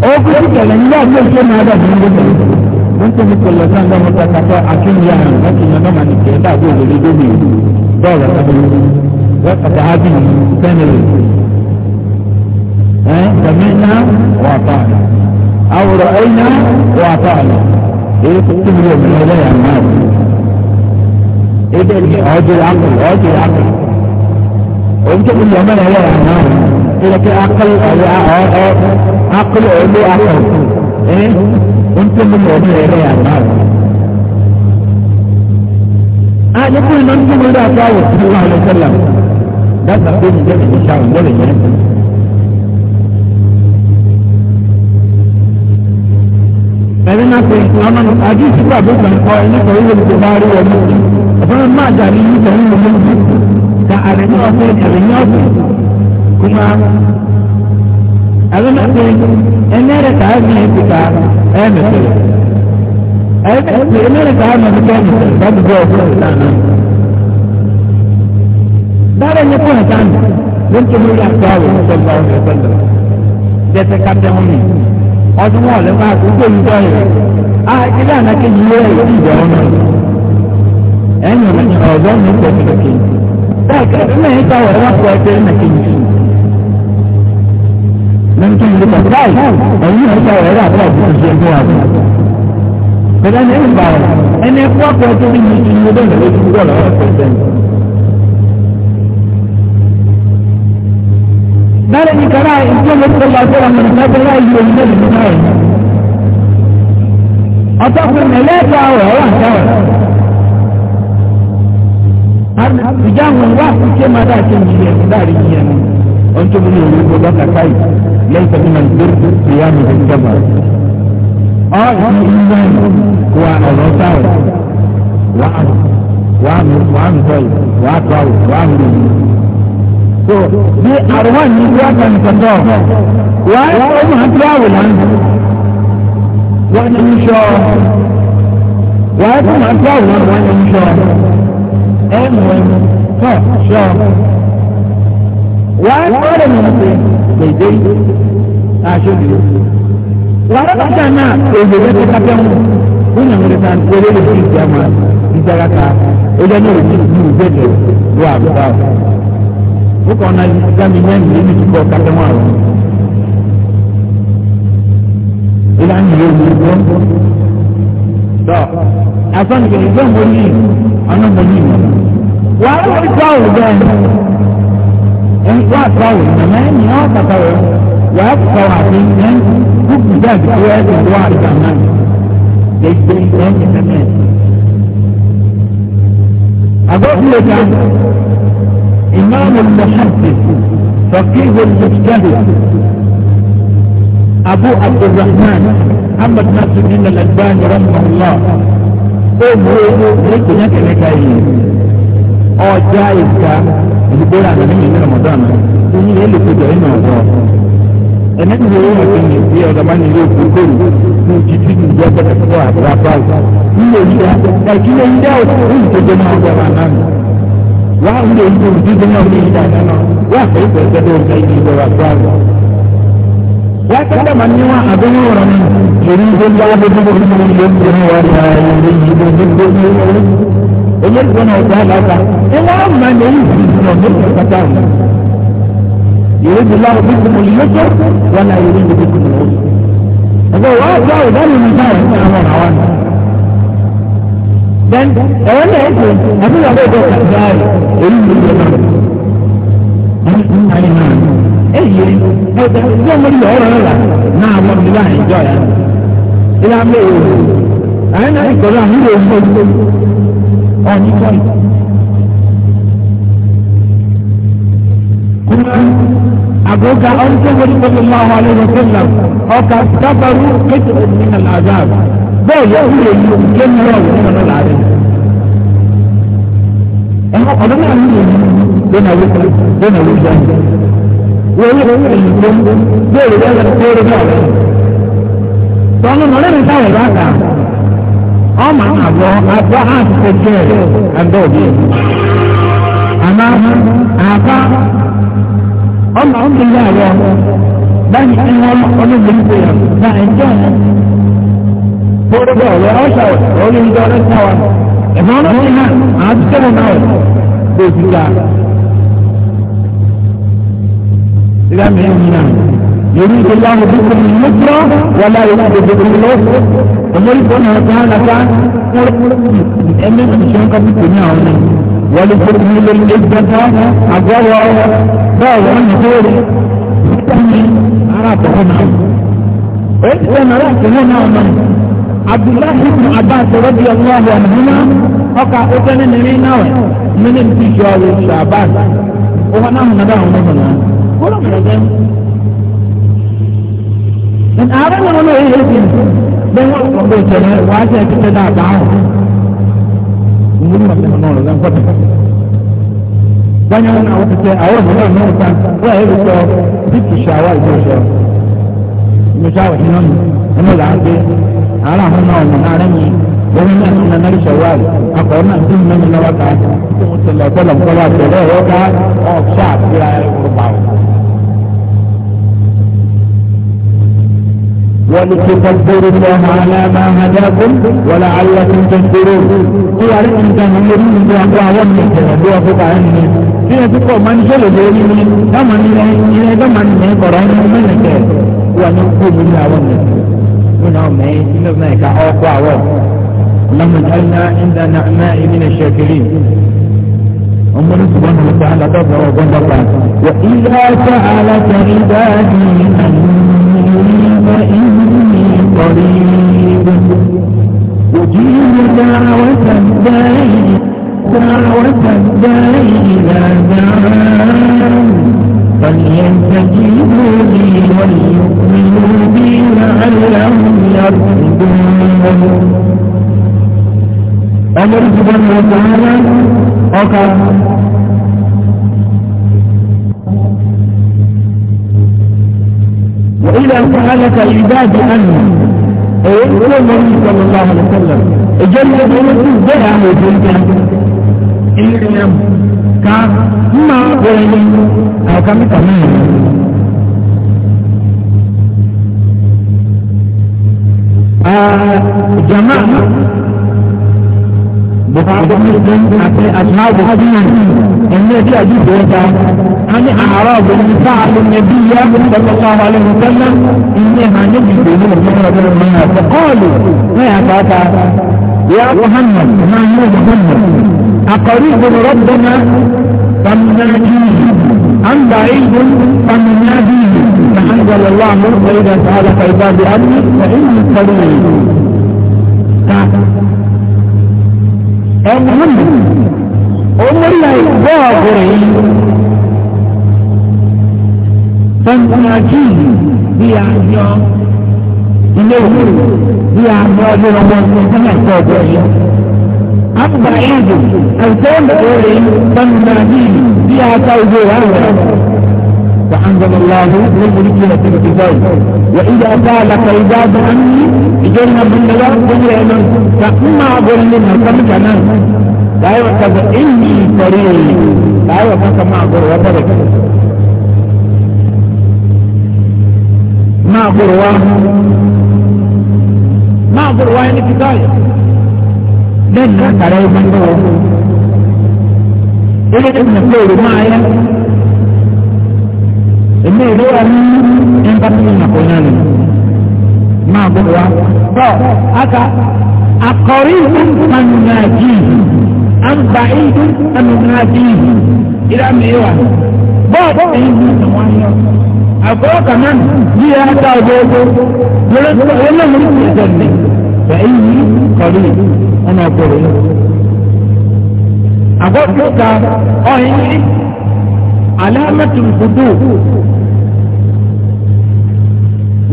أو كنت لن يجب أن يكون هذا من قوة wọ́n tẹ̀lé pẹ̀lú ọ̀sán lọ́wọ́ kọ́kọ́ akínyà láti yànnà màní kẹ́ẹ́dá àbúrò lórí lórí dọ́ọ̀rọ̀ sábẹ́ wọ́n kàtà ábì sẹ́nẹ̀rì ẹ̀ sẹ̀mẹ́nà wà fàlà àwòrán ẹ̀yìnà wà fàlà èyí tó tún lè mú ẹlẹ́yà náà ebe ni ọjọ́ akọ̀ ọjọ́ akọ̀ òun tó kún lọ́mọ́ ẹlẹ́yà náà ìrẹ̀kẹ́ akọ̀ ọ̀lẹ́ akọ̀ ọ̀lẹ́ akọ̀ ẹ́ ń tó mú ẹ̀rẹ́ àná a ní iná tó mú dáa fáwọ̀ sí wa lọ náà pé ọmọ nù àdé ìsìnkú àbúkọ̀ ẹ̀kọ́ ẹ̀nìkọ̀ ìwé ní bá rí wọn mú ọ̀fọ́n máa dàbí yíyí tẹ̀lé wọn mú ká àrẹ̀ ní ọ̀fẹ́ àrẹ̀ ní ọ̀fẹ́ kó máa abin da ne da ta hajji ne fita a yi misali a yi misali ne da ta hajji ne fita misali ba da zuwa kuma fita nan daren ya kuna ta ne don ki mu ya kawo sallallahu alaihi wasallam da ta kanta huni ọdún wọn lè máa kú gbèyí dọ́yẹ̀ a ilé ànákè yìí rẹ̀ yìí ìjọ ọ̀nà ẹ̀yìn ọ̀dọ́ mi pẹ̀lú kẹ̀kẹ́ bẹ́ẹ̀ kẹ́kẹ́ mẹ́rin táwọn ẹ̀rọ pọ̀ ẹ̀kẹ́ mẹ́kẹ́ yìí Nanti nineteen fifty five ẹ̀yìn ọ̀sẹ̀ ọ̀rẹ́ àti ọ̀sẹ̀ ṣe fún wa. Bẹ̀rẹ̀ ní ìgbà rẹ̀ ẹni ẹ̀kú ọ̀pọ̀ tó ní ní ìlú bẹ́ẹ̀ ló ti gbọ́ lọ́wọ́ pẹ̀sẹ̀n. Dáre ní kàrá ìjọ ló tó lọ sí ọmọ ìgbà tó láì yọ ilé ìlú náà. Ọ̀tọ́kùnrin ẹlẹ́ẹ̀ta ọ̀rọ̀ wà ń sáwọ̀. Ìjà àwọn ìwà àti ìṣe máa dá ìṣe ìjìyà ìdárí ìjìyà ni. Ọ̀n tó mú ní òun gbọ́dọ̀ kàkà yìí. ليس بمن ذكر قيامه الجبر أعظم الإيمان هو الرسائل وعمل وعمل وعمل طيب وعمل طيب وعمل so bí àrùwọ̀n ní bí ọ̀kan ìtọ́jọ́ wà á ó máa ń tíráwò lánàá wọ́n ní ń sọ wà á tó máa ń wàá rẹ̀ mọ̀ pé gbèdé aṣojú wàá kọjá náà èdè rẹ̀ kápẹ́ wọn wọn àwọn ẹ̀ka wọlé lè fi ìjà máa ìjára ká ẹjọ́ náà ti mú ìgbẹ́jọ́ lọ àbúrò àwọn ó kàn náà ìjà mi mẹ́rin lé ní ìtukọ̀ kápẹ́ wọn àwọn ìlànà ọ̀nà mọ́lì wàá واقوى الزمان يعتبر واقوى عقيدا كل ده بقوات انواع الاعمال ليس بالاسلام كمان اقول لك امام المحدث فقيه المجتهد ابو عبد الرحمن محمد ناصر الدين الالباني رحمه الله قوم هو هيك هيك ọjà ìka ìdìbò rà nínú ìlú ramadan ní ilé ìlòkèjọ nínú ọjọ ẹni tí wọn yóò fi yìn sí ọdọ máa ní ilé òkú kóòlù ní títí ní ìjọ pẹlẹ fún àbúrò apáwò nílò yíyá ẹkí lè yíyá òkú ìtọjọ náà ọjọ máa náà nù wá nílò yíyá òkú ìtọjọ náà ní ìdá náà wá fẹ ìfẹ ìfẹdọ òkú ìdí ìjọ apáwò. wá kẹ́kẹ́ máa ní wọn àbẹ̀wò rẹ̀ nù kiri ìjọba àbẹ̀wò rẹ̀ nù èyí ti wọn ọjà àlàkà ẹ wọn máa ní èyí ti ìdùnnà ní ìpàtà wọn. yìí ti lọ bí kò yìí tó wọn náà yìí ní kò tó. ẹgbẹ́ wọn àgbà ọ̀dà mi ní báyìí ní àwọn àwọn àná. then ẹ̀rọ náà ẹ̀ tó àbí wọn bẹ̀rẹ̀ bẹ̀rẹ̀ kàdá rẹ̀ èyí ni ìgbẹ́ náà. wọ́n ti ń parí náà. ẹ yẹ ẹ bẹ ẹ mọ ní ọ̀rọ̀ rẹ̀ náà wọ́n mi láàyè jọ yẹn. ilé amẹ́ òòrùn àyẹ̀nà ìkọ̀lá àmúlò ìfọ̀dù ọ̀ní tọ́lù. kuma agoga an tsawo sallallahu alaihi wasallam ọkà sábàrú kékeré nínú al'azab bẹ́ẹ̀ yẹ kúrò yìí òkè mìíràn wọ́n mọ̀ náà rẹ̀. ẹ̀họ́ ọ̀dọ́ náà ń lò ní lónà wípé lónà wípé wọ́n yẹ kúrò yìí tó ń bẹ́ẹ̀ rẹ̀ lọ́wọ́ tó rẹ̀ náà rẹ̀. tọ́nu mọ̀lẹ́ni táwọn bá kà ọmọ àwọ àbá àtẹjẹ ẹgbẹ òbí àmà àbá ọmọ òbílẹ àwọ báyìí ẹwọ ọlọmọdé gbé yà bá ẹjọ ẹ gbọdọgbọ ọwọ ọsà ọlọmọdé ọlọsà wa ẹfọ ọlọmọdé náà àtẹwọ náà gbòdìgbà ìlànà ẹ̀yìn náà. يريد الله بكم اليسر ولا يريد بكم العسر ومن سبحانه وتعالى يأمن أن شنك بالدنيا ولتكمل العزة أجوع باو عن خير أراد هنا وإذا رأت هنا من عبد الله بن عباس رضي الله عنهما أقع أتنا نرينا من الفجوة والشعبات وهنا هنا دعونا هنا كل من And I don't know what it is. Then what from the channel? Why is it that I down? Mungkin macam mana orang kata. Banyak orang awak kata, awak bukan orang kan? Wah, itu tu, itu syawal itu syawal. Itu syawal ini, ini lagi. Alah, mana orang mana ni? Orang yang mana ni syawal? Apa orang tu mana ni awak kata? Itu mesti lepas lepas lepas lepas lepas lepas lepas lepas lepas lepas ولتكبروا الله على ما هداكم ولعلكم تشكرون هو ان كان يريد ان يعلم من هو فقع مني هي فقع من شل دوري من كما من هي كما من قران من كان ونقوم بالعون من امي من ما كان او قوا لما جعلنا عند نعماء من الشاكرين أمنا سبحانه وتعالى تظهر وقال وإذا سألك عبادي أني فإني قريب أجيب دعوة الداعي دعوة الداعي إلى دعان فليستجيبوا لي وليؤمنوا بي لعلهم يرشدون أمر سبحانه وتعالى أقام وإذا سألك العباد عنه أي النبي صلى الله عليه وسلم جل جلاله جل جلاله إنهم كما قولين أو كما تمام جماعة bùkátà muslim àti asmaabu adúlọ̀ ẹ̀mí ẹ̀kí àdúgbò ẹ̀ta ani àhàràbù ní sáàbù nàbí yá sọlọ́láhu aláhu sẹ́lẹ̀ ìní ẹ̀hà níbi ìgbèlú ọ̀gbọ́n ọ̀gbọ́n mọ́nà fọ́kọ́ọ̀lù náà yà sáàtà yà muhammad náà yà muhammad àkọ́rí ìgbòho rọ́bùdọ́nà فمناديه عن بعيد فمناديه فأنزل الله فإذا سألك عبادي عني فإني قريب ẹnìyàn omúlẹ̀ ìgbọ́ ọ̀gọ̀rọ̀ yìí tẹ̀m̀pìnàjì bí a yọ ilé òkú bí a yọ ọdún ọmọ ọdún sẹ́nà ìgbọ́ ọ̀gọ̀rọ̀ yìí. Àpùpà ẹ̀dùn àti tẹ́lẹ̀ òkú rẹ̀ tẹ̀m̀pìnàjì bí a ta ojú فأنزل الله للملك يأتي بكتاب وإذا سألك عباد عني إجينا بالنجاة بالعلم فأما أقول لنا كم لا يعتبر إني قريب لا يعتبر ما أقول وبرك ما أقول ما أقول وين يعني كفاية لأن ترى من هو إذا كنت ما معي ilé ìlera ní ẹnbàtí ìnàkó náà nù máa bọ̀ wá. tọ́ aka akọ̀rí ìdúnmọ̀nàjì àgbà ìdúnmọ̀nàjì ìdámẹ́wà bọ́ọ̀bù ẹ̀yìn ní àwọn ayọ̀. àgbọ̀rọ̀ kan náà bí ẹ ká ọjọ́ ogbó lọ́lọ́sọ̀rọ̀ ẹlẹ́mú ní ìdọ̀lẹ́ ẹ̀yìn kọ̀rí ọ̀nà ọ̀gbọ̀rọ̀ yìí. àgbọ̀rọ̀ kan ọ̀hìn alámẹ́tì gbogbo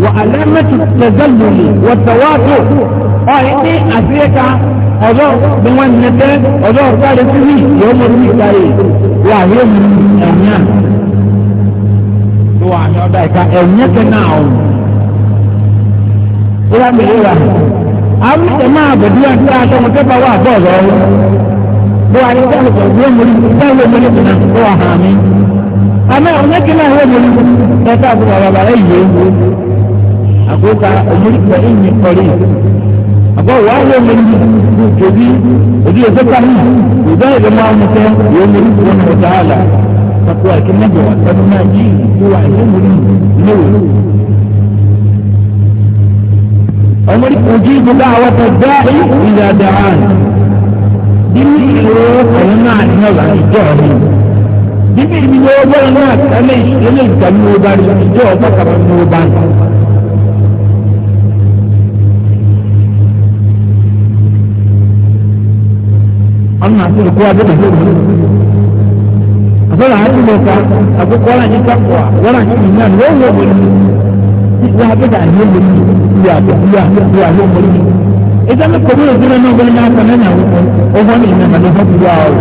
وعلامة التذلل والتواطؤ أعني أفريقيا أدور بمن نتاج أدور قال فيه يوم الرمي تاريخ وهي من أميان دعا نعبك أميك نعم إلى مئيرا أو سماع بديا تاعتا متبع وعبوض دعا نتاج يوم الرمي تاريخ يوم الرمي تاريخ دعا حامي أما أميك ما هو مريد تتابع وبرأيه ka omuli ka enyi kɔli abo waa yɛ omuli tobi odi yɛ sɛka hi odi yɛ mu amu sɛ yɛ omuli ko na o taa la kakɔ a kɛmɛ jɔ asɛm na yi ko wa yɛ omuli ne wo omuli oji ko ka awa ta daa yi ila daa dimi ìṣòro ọ̀hún náà ní ọ̀la ìjọ mi dimi ìṣòro ọ̀hún náà kálẹ̀ ìṣẹ̀lẹ̀ ìgbà mi ò bá rí ìjọ ọ̀pọ̀ kàrọ̀ mi ò bá rí. ọ̀nà àti ìkó adébẹ̀ tó wù. àtọ́lá àti ìlọ́ta àkókò ọ̀rọ̀ àti ìtàkùn àwọ̀rọ̀ àti ìyàn ló ń wọ̀ ìwà abẹ́dà ni ó lè fi ìwà àbẹ̀kúlẹ̀ àbẹ̀kúlẹ̀ àlọ́ mọ́lẹ́ mi. ìtàkùn kòmí òsínà náà wọlé náà kan lẹ́yìn àwọn ọmọ ní ìnáwó ní wọ́n ti wá ọ̀rọ̀.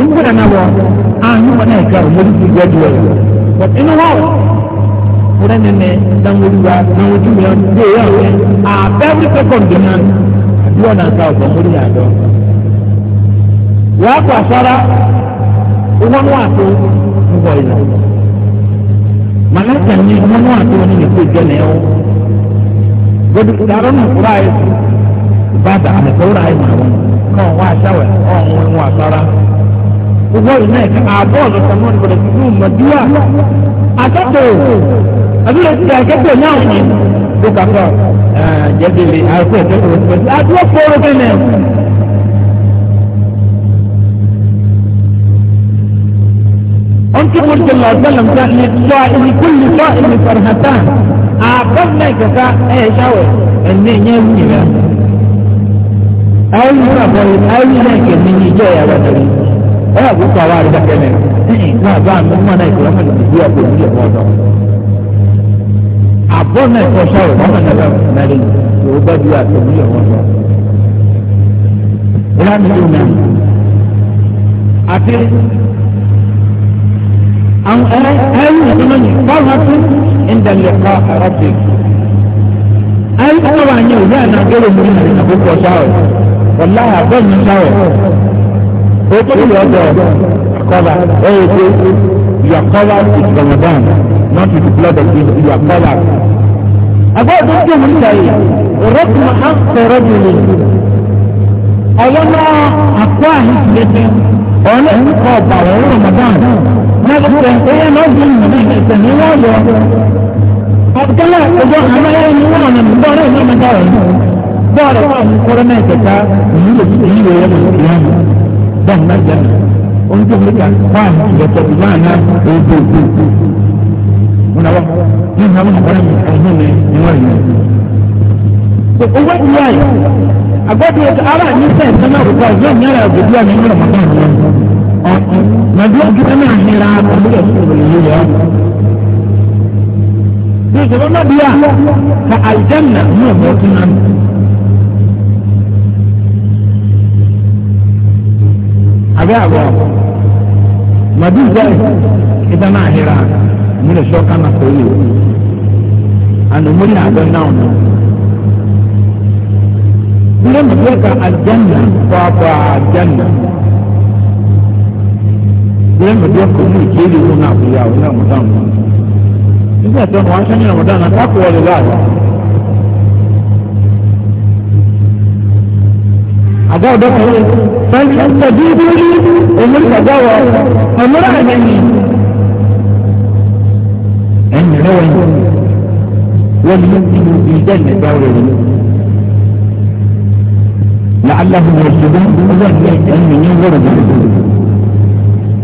nígbàdàn náà wọ àánú wọn náà kàrọ̀ mọ́lẹ́ ti gbẹ́jú ọ̀rọ̀. inú wọn wọ́n rẹ́ nẹ́nẹ́ náà wọ́n ti wá náà wọ́n ti wá wọ́n náà ta ọ̀sán lórí àjọ. wàá kọ àsárá wọ́n wà tó nígbà ìlà. màláìka ni wọ́n wà tó ní ìpè jẹ́ náà ó. gbọdọ̀ ìdárọ̀ náà kúrò àyè bàtà àtẹ̀kọ́rọ̀ àyè màá wọn kọ́ wọn àṣàwẹ̀ ọ̀hún wọn àsárá. gbogbo ìlà ẹ̀ka àbọ̀ ọ̀sán náà gbọdọ̀ tuntun mọ̀dúwà. àtẹ̀kọ̀ àdúrà ti dà dúkà kọ jẹ́bìlì àìkú ẹ̀jẹ̀ kò pẹ̀lú àdúrà fọ́ọ̀rọ̀ bẹ́ẹ̀ أنت قلت الله عليه وسلم كان لكل صائم فرحتان أعقبنا كفا إيه شاور إني يمني بها أي مرة أي لك مني جاي يا بدري أبو كوار بكنا ما بان مما نايك ومن يقول يقول يقول àbọ̀nà ìfọ̀ṣà rẹ̀ wọ́n nàlẹ́ mẹ́rin yòówó bá ju àtọ̀mú yẹ̀ wọ́n lọ. ìlànà ìlú náà àti àwọn ẹ̀rù ìdúnnìyàn báwọn tó ń dẹ̀lẹ̀ kọ́ ọ̀rọ̀ sí. ẹ̀rù tó wà ní òwe àná gẹ́gẹ́ bí ìrìn àbò fọ̀ṣà rẹ̀ wọ́lá àbọ̀nà ìṣà ó tó lè ọ̀dọ̀ àkọ́bà you are covered with Ramadan not with the blood of Jesus you are covered. àbọ̀dọ̀ tó dùn mí sẹ́yìn rọ́pù máa ń sọ̀rọ̀ nìyí ọlọ́nà àpò àhìsìlẹ́sẹ̀ ọ̀lẹ́ ìkọ̀ ọ̀bàwọ̀ Ramadan lẹ́gbẹ̀ẹ́ ẹ̀yẹ náà bí ìmọ̀lẹ́ ẹ̀sẹ̀ ní wọ́n yọ ọ̀tẹ́lẹ̀ ọjọ́ àmọ́lẹ́ ní wọ́n ọ̀nà bọ́ọ̀rẹ́ ní ọmọdé ọ̀rẹ́ bọ́ọ̀rẹ́ wà ní kọ́rọ́mẹ́ ìkẹta ìyílẹ̀ ìyílẹ̀ ẹ̀rọ ìyá mi bọ́ọ̀ òun tó ní kan fáàn ìjọpọ̀ ìgbà náà ó tó tó wọn náà wà ní ìhà wọn kọ́ ní ọdún ní ìwọ̀n yìí. owó ti wáyé agbọ́dọ̀ ètò ara ní sẹ́ẹ̀ sẹ́nà òkú ọ̀gbọ́n mi ara òkú bíi ọ̀nà ìmọ̀ràn ọ̀gbọ́n màdúrà kíkẹ́ náà ní ra ọ̀gbọ́n mi ra ní ìṣòro náà bí a ka aljanna ní ọ̀gbọ́n tó náà. àbẹ́ àbọ̀ àbọ̀ madu zai idan na hira mu da shoka na koyo anu mu na don nawo no kuma mu ka aljanna kwa kwa aljanna kuma mu da ko mu ke da wani abu ya wani mu dan mu ina don wa sanin mu dan na ka ko wala àbọ̀ ọ̀dọ́kùn fẹ́ńtì tẹ̀bí ìdúrí olùsọ̀gbọ́wọ̀ ọmọlá ẹ̀mí ẹ̀yìn rẹ̀ wọ̀nyí wọ́n ní ìlú ìjẹ́ ìgbà rẹ̀ wọ̀nyí. لعلهم يرشدون الله يهديهم من ينظر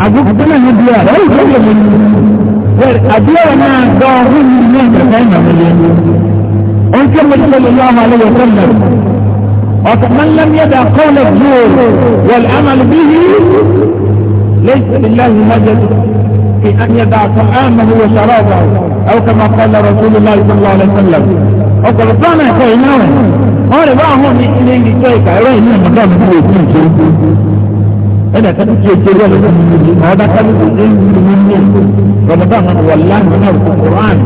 أبوك كنا نبيا رأيك يا من أبيا أنا دارون من يهدى فاهم أملي أنت صلى الله عليه وسلم ومن لم يدع قول الزور والعمل به ليس لله مجد في ان يدع طعامه وشرابه او كما قال رسول الله صلى الله عليه وسلم وقلتانا يا سيناوي قال بقى هو من اني شايفه اوه من مقام الزور انا كنت يجري لكم هذا كان يجري مني رمضان والله من القران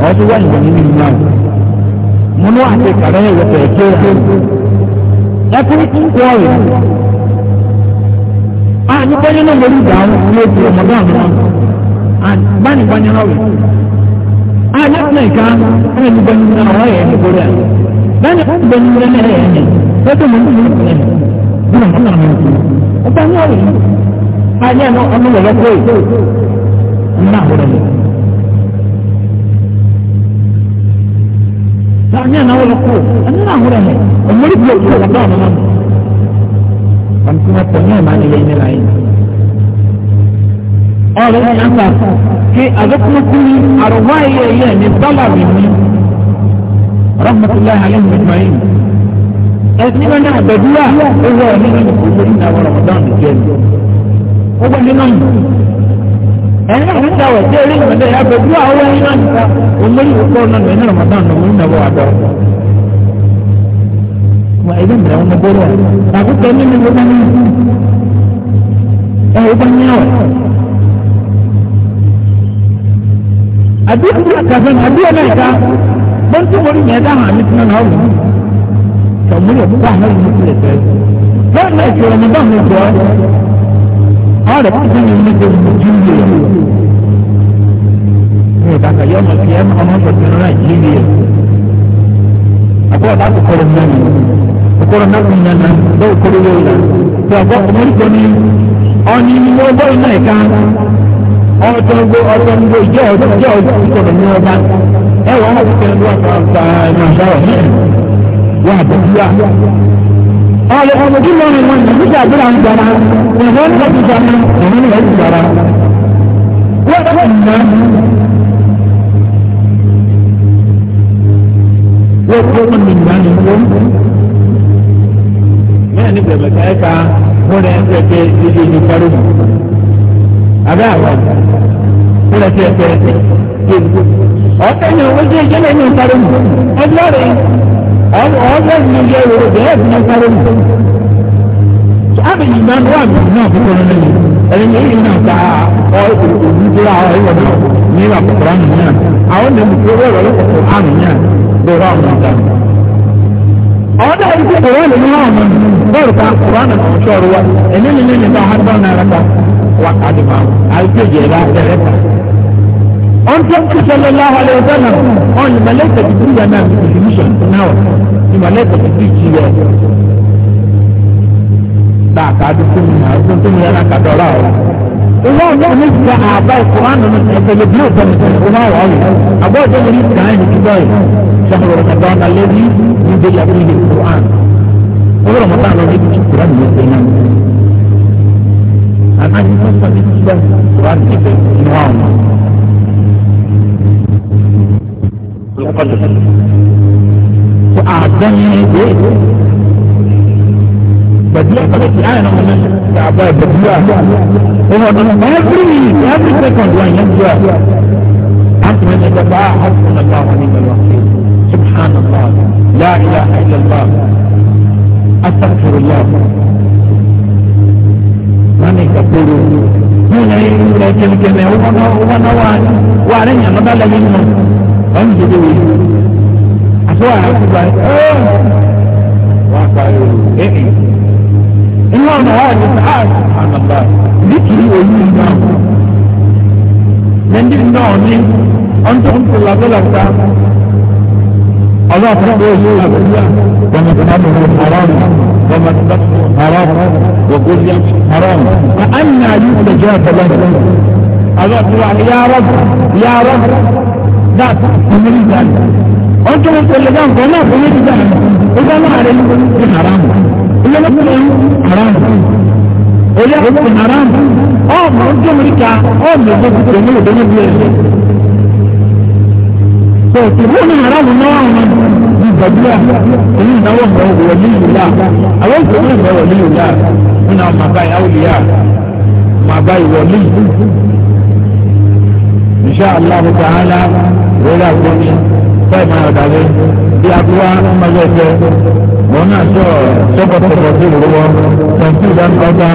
هذا وين من الناس munu ati kare wata eke ẹkú nkwọrọ a nípa ẹni náà lórí ìgbà àwọn ìwé ti ọmọdé àwọn bá nípa ẹni náà wẹ a nípa ẹka ẹni nípa ẹni náà wọ́n yẹ ẹni kórè à bẹ́ẹ̀ni ó gbẹ ní ẹni ẹ̀yẹ ẹni lọ́tọ̀ mọ̀ ní ìlú ẹ̀ bí wọ́n náà mọ̀ ní ọba ní ọ̀rẹ́ a ní ẹni ọmọ ìwọ̀lọ́kọ̀ yìí ní àwọn ọ̀rẹ́ yìí. anya na wala ko anya na wala ne amuri ko ko da ba nan an kuma ko ne ma ne ne lai ala ne an ka ke aga kuma kuni arwai ya ya ne bala ni rahmatullahi alaihi ajma'in ẹni wọn náà bẹ̀dúrà owó ẹ̀ nínú ìkòkò ní àwọn ọmọdé ọ̀dùn jẹ́ ni ó gbọ́dọ̀ náà ẹ̀yìn àwọn ìjà wẹ̀ jẹ́ eré ìmọ̀lẹ́ abẹ́jú àwọn ẹ̀yìn náà nìkan olórí ìkọ́ náà nìyẹn ramadan náà wọ́n nàbọ̀ àdọ́. mà ẹ̀yìn mìíràn wọn bọ́rọ̀ àkókò nínú ìwé náà nìyẹn ẹ̀ ọba ní àwẹ̀. àdúgbò àkàfẹ́ náà àdúgbò náà ìka bọ́ńtò mọ́rí yẹn dáhùn àmì tí náà wù tọ̀múlẹ̀ púpọ̀ àwọn ìmúlẹ̀ tẹ̀ all the people you meet them will give you ní ìdáka yọ ọmọ sí ẹmọ ọmọ sọ sínú náà yìí ni àbúrò láti kọrọ mẹ́rin kọrọ náà kún yẹn náà lọ́wọ́ kọrọ yóò yá tí àbọ̀ ọmọ ìgbọ́ ni ọ̀ní ni wọ́n bọ́ iná ìka ọ̀tọ̀ ń gbé ọ̀tọ̀ ń gbé jẹ́ ọ̀tọ̀ jẹ́ ọ̀tọ̀ ìkọ̀rọ̀ ní ọba ẹ̀wọ̀n ọ̀tọ̀ ń gbé ọ̀tọ̀ àgbà ẹ̀ ọ̀rẹ́ ọmọdé lọ́rin wọn ní nígbà àdúrà ń gbára ìwọ́n ń lọ́tí gbára ìwọ́n ń lọ́tí gbára wọ́n tó ń ná wọ́n tó ń lè ná ní wọ́n. bẹ́ẹ̀ ni bẹ̀rẹ̀ ká ẹ̀ka wọ́n rẹ̀ ń tẹ̀kẹ́ ilé ní parí mu abẹ́ àwọn wọ́n rẹ̀ tẹ̀kẹ́ ọ̀tẹ̀ ni wọ́n jẹ́ ìjẹ́lẹ̀ ní parí mu ẹgbẹ́ rẹ̀ ọmọ ọgbẹ́ ìgbìyànjú ẹ̀rọ bẹ́ẹ̀ fi náà sáré nù. sábì ní ìgbà wà mí náà púpọ̀ nínú mi ẹni ní ìlú náà ká ọ òbí tó ra ọ ìwọ náà ní ìlú àkọ́kọ́rọ́ àmì náà àwọn ènìyàn tó rẹ̀ rẹ̀ lọ́kọ̀ọ́ àmì náà lọ́wọ́ àwọn ọ̀gá. ọ̀dà ìgbà kọ̀ọ̀rọ̀ lè ní àwọn ọmọ bọ́ọ̀lù ká kọ̀ọ̀rọ̀ àmì ọ̀ṣọ́ ọ̀rọ̀ wa ẹni ní ní ní on tó ń tún sọlọ láwọn ọlẹ ọgbà náà on ní malayika ti bíyà náà ní contribution náà ní malayika ti bí ti yẹ dáa ká dùn fún mi náà fún fún mi náà ká dọ̀rọ̀ àwọn. ìwọ náà ní ìgbà àbá ìkùránù ní ẹgbẹ̀lẹ̀ bí òkè ní ìkùránù náà wà wọ̀ àbọ̀ ọjọ́ mi ní ìgbà yẹn ti bọ̀ yìí sọ̀rọ̀ rọ̀mọ̀tàn náà lẹ́bí ní ìgbé yàtọ̀ ní ìkùránù. owó rọ̀mọ̀tàn náà مقدس وأعطاني بيت بديع قلت الآن أنا تعبان بديع هو أنا every every second when يبدأ أنت من الدفاع حسبنا الله ونعم الوكيل سبحان الله لا إله إلا الله أستغفر الله من يكبره من يكبره من يكبره ومن هو ومن هو وعليه أن لا يمنع wọ́n ti dìde wòye àti wà láti gba ẹ́ wọ́n parí o ẹ̀ẹ́n inú ọ̀nà wà ní sáàsì ànàbà nítorí òyìn ìgbà lẹ́ndí náà ní ọ̀ntọ́ntò làbẹ́làta ọlọ́ọ̀fẹ́ bó ṣe àbẹ̀lá wọ́n ti dáná haram wọ́n ti dáná haram wọ́n ti dáná haram wọ́n á nà yí ìgbẹ́jọ́ àtọ́lá ọlọ́ọ̀fẹ́ wà ní yàrá yàrá that fún mi nígbà yìí wọ́n tún ń pèlè bá nǹkan náà fún mi nígbà yìí ìgbà náà rẹ̀ ní ti haram ilé lọ́kùn rẹ̀ haram olè àkókò haram ọ̀ọ́mọ̀ ń tó mi ká ọ̀ọ́mọ̀ ìgbà tó tẹ̀lé òde níbi ẹ̀ tó tìbú ní haram náà wọn ní gbàdúrà èyí ìdáwọ̀ mọ̀ wọ̀ ní ìlà àwọn ìgbàdúrà mọ̀ wọ̀ ní ìlà nínú àwọn màbá ìyá òlìyà màbá ìwọ̀lì. إن شاء الله تعالى ìlera àgbẹ̀mí fẹ́ẹ̀mà ọ̀dàlẹ̀ bí abúlá ọmọlẹ́sẹ̀ wọn náà sọ sọ́kọ̀tọ̀kọ̀ sí ìlú wọn tẹ̀sí ìdánkọ́ta.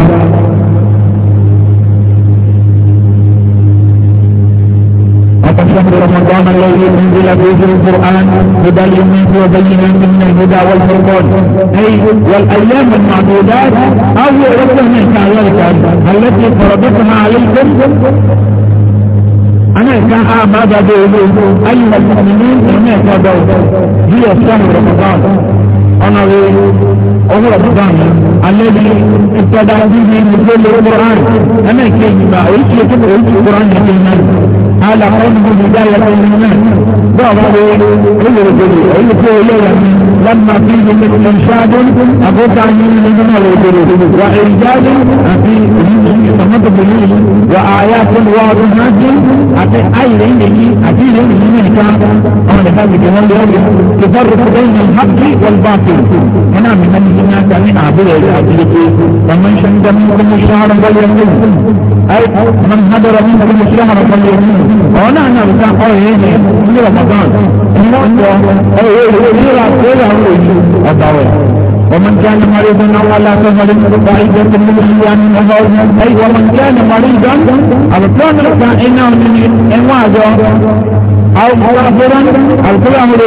شهر رمضان الذي انزل فيه القران هدى للناس وبينات من الهدى والفرقان اي والايام المعدودات او ربنا تعالى التي فرضتها عليكم أنا كان ما بعد أيها المؤمنين أنا كذا هي شهر رمضان أنا أول رمضان الذي ابتدى به نزول القرآن أنا كلمة أيش يكتب أيش القرآن يكلمة على قلبه بداية الإيمان بعض أي رجل أي قوة لما فيه مثل إنشاد أبوك عن يمين وإيجاد أبي تمد بليه وآيات واضحات أبي أي ليني أبي ليني منك أنا هذه كمان تفرق بين الحق والباطل هنا من هنا كان عبد الأجلك ومن شهد منكم الشهر فليمن أي من هدر منكم الشهر فليمن وأنا أنا بتاع قوي هنا من رمضان إنه أي هو يرى أتاوي ومن كان مريضا او على سفر فعيدة المسيان اي ومن كان مريضا على كان لك انه من انواجه أو مسافرا أو كل أمر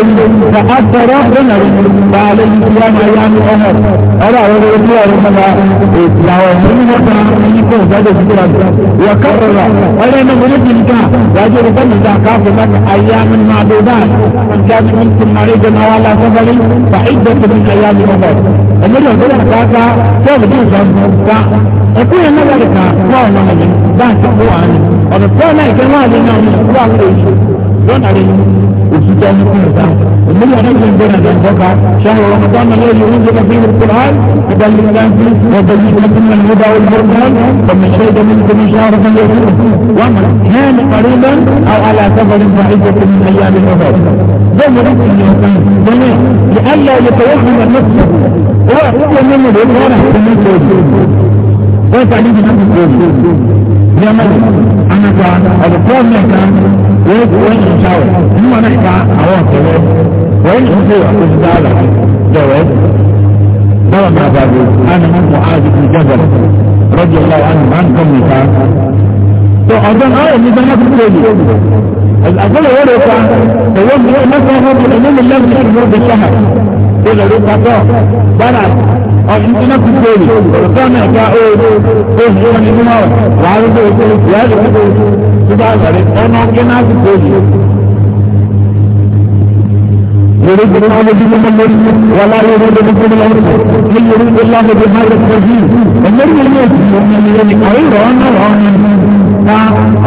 فحتى ربنا فعليه صيام أيام الأمر أرى ورد الله ربنا يعوذون فعليكم زاد الزكرة وكرر أرى نمرد لك واجب ربنا كافر لك أيام معدودات من كان منكم مريض أو على سفر فعدة من أيام الأمر أمر ربنا كافر كيف تنصب أقول أن ذلك ما هو مهم ذاك هو أنا ورسالة كمال نعم الله دون عليه وسجان يكون ومن الملي أنه من بين وقع شهر رمضان الذي ينزل فيه القرآن هدى للإنسان فيه وبين لكم من الهدى والبرهان فمن شهد منكم شهر فليكون ومن كان قريبا أو على سفر فعدة من أيام الأخرى ده مرض الإنسان جميع لئلا يتوهم نفسه هو هو منه بالغرة في الناس ويسعى ليه نفسه يا مالك nípa ọ̀dọ̀ pọ́ọ̀mù ẹ̀ka wọ́n kú wọ́n yìí ṣáwọ̀ níwọ̀n náà ká àwọn ọ̀tẹ̀wọ́ wọ́n yìí ṣe àkóso dáàlà dọ̀wọ́ bọ́ọ̀lù náà bàbá ànàmọ́ mọ́ àdìgún jẹ́bọ̀ rọ́jò ọ̀la ànàmọ́ nǹkan mìíràn. tó ọ̀dọ́ náà yẹ nígbà náà kúkú lónìí àgbọ̀lọ̀ wọ́n lè pa ẹ̀wọ́n mi olórí pátọ gbára ọdún tí náà kúkú èrè òrùka mẹ́ta ooo oṣù wọn ni mímọ wàá rí bó oṣù ìyá rẹ kúkú tó bá sàré ọ̀nà ọ̀gẹ́ náà kúkú èrè. يريد الله بهم الملك ولا يريد بهم الارض من يريد الله بهذا التوحيد ومن يريد من يريد خيرا وانا ta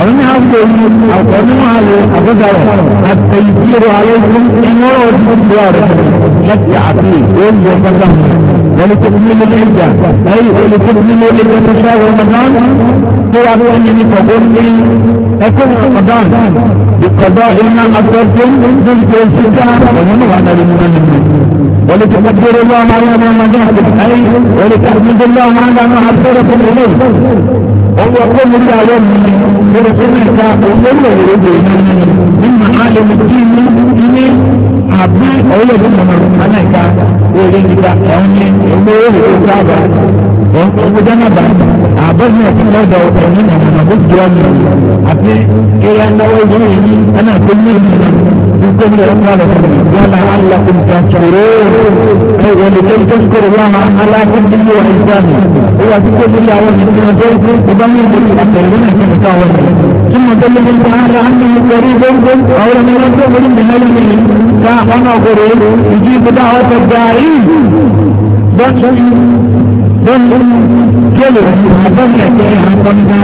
ọ̀rọ̀ ní àwọn ọmọ àwọn ọmọ àlè àbúgbàrọ̀ àti ìṣirò àlè fún ìwọ́rọ̀ ọdún tó rẹ̀ láti àti ìwé ìjọba ولتكمل العدة أي ولتكمل العدة شهر رمضان ترى بأنني تقول أكون رمضان بقضاء ما أصبتم ضد الشتاء ومنوعنا لمن المسلمين ولتكبر الله على ما مدحتم عليه ولتحمد الله على ما أرسلكم إليه هو كل من برسولك وكل يريد من معالم الدين àbí orílẹ̀-èdè mọ̀nà amẹ́ríkà orí níta ẹ̀wọ̀n ní ẹgbẹ́ orílẹ̀-èdè sábà ọ̀pọ̀ jẹ́nàbà àbọ̀dún ẹ̀sìn lọ́dọ̀ ẹ̀mí mọ̀nà bó ti ọ̀nà àti eré ẹ̀dáwó ìlú èyí ẹ̀nà tó ní ìlú nígbà tí wọ́n bá lọ sí ìyáná alákùn ìtàkùrọ̀ ẹ̀rọ ìlú tó ń kórè wọn alákùn nínú ìsàmì ó wà sí kóbi àwọn ìṣẹ̀lẹ̀ tó ń kó ìbámu ìlú àtẹ̀lẹ́ náà ti ń ká wọn. ثم دلل تعالى انه قريب او لم يكن من هذه àwọn náà kò rè é ìdí ìbúdá àwọn tó gba yìí bọ́tún bọ́tún kéèlè àbọ̀n ẹ̀kẹ́ àkọ́ńdá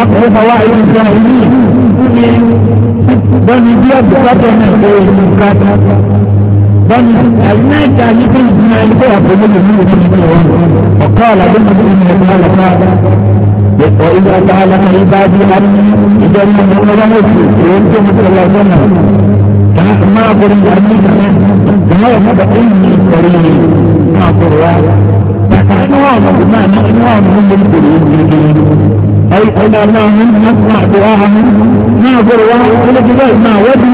ọkọ̀ ìfọwọ́ ayé ìjọ yìí ní bọ́ni bí ọ̀dọ́ lọ́dọ̀ náà kò rè é kàtà bọ́ni àyìnbá ìjà ní bí ìdúná ẹni tó yàtọ̀ lórí ìlú ìlú ìlú ọ̀kọ́ ọ̀làdé mọ́tò ìlú ìlú وإذا تعلم عبادي أني إذا لم يكن لهم يوم الله كانت ما أقول لأمين جميع هذا إني قريب ما أقول واحد فكان واضح ما نحن واضح من القريب أي إن الله من نسمع دعاءهم ما أقول واحد إلى جبال ما ودي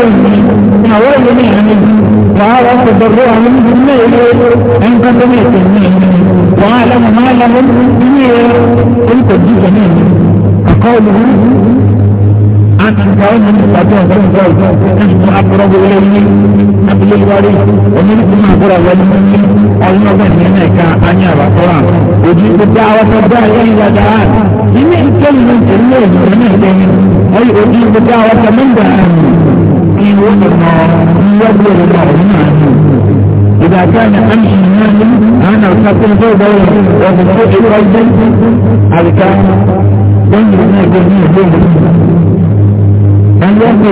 ما ولي منهم وعلى تضرعهم من الليل عند قدميتهم وعلم ما لهم من التجديد منهم فقوله أنت تعلم من الأجر نحن أقرب إليه قبل الوريد ومنكم أقرب إليه الله هناك أن يرى القرآن يجيب الدعوة الداعية إلى دعان جميع كلمة الله ونهده أي أجيب الدعوة من دعان إن وقفنا يبدو الله عنه إذا كان أمشي مال أنا أستطيع فوضى وبالفوضى رجل هذا كان بين المال بين المال ولمن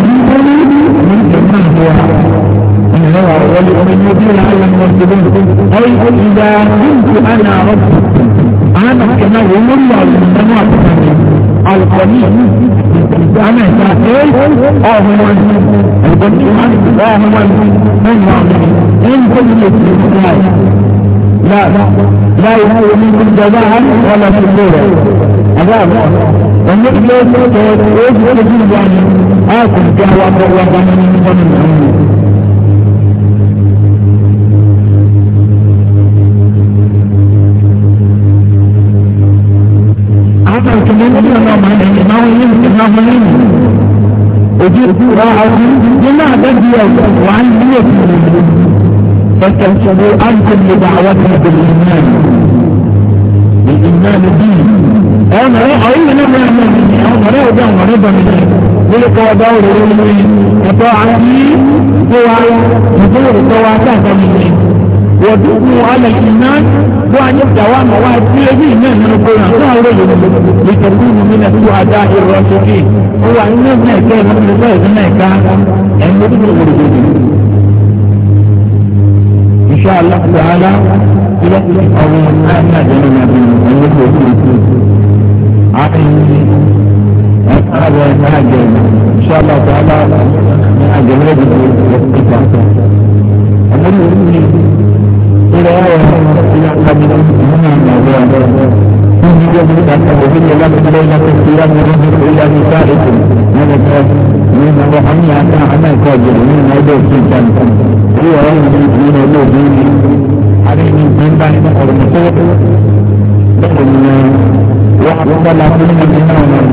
يدين على المرسلين أي إذا كنت أنا رب أنا كما هم الله المنوات القني أنا سأقول أو هو القني أو هو من يعمل إن كل يسلم لا لا يكون منكم جزاء ولا شكورا عذاب والنبي يجب ان يكون يعني؟ اكل قهوه وضمن وضمن وجئت راعه لما بدي وعن نيتي فتنسبوا أنتم لدعوتها بالإيمان بالإيمان الدين أنا أقول لما يعملني أنا لا أدعو مرضى مني ولك ودور رمي وطاعتي هو حضور طواعتها مني ودوبوا على الإيمان وأن يبدأ مواد في الإيمان من القرآن لا رجل لتكونوا من السعداء الراشدين هو أن يبنى كان من الله كان أن يبدأ شاء الله تعالى إلى أو أنا جنون من المسلمين عقلي هذا نهج إن شاء الله تعالى نهج رجل والقطع أمر إلى إلى قبل هنا الموضوع يجب أن أبهل لكم ليلة الصيام منه إلى نسائكم من الناس من الرحمن أتى عمل كاجر من موضوع سلطان هو رأي من موضوع ديني عليه من بعد قرمته لكن وحب الله كل من النوم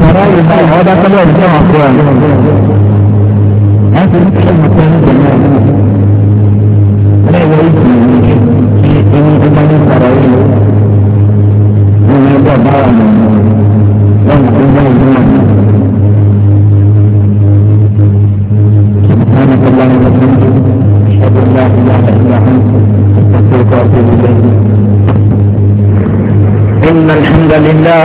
ترى يبقى هذا كله يرجع أقوال هذا مثل المكان الجمال لا يعيش من شيء إني أمني إن الحمد لله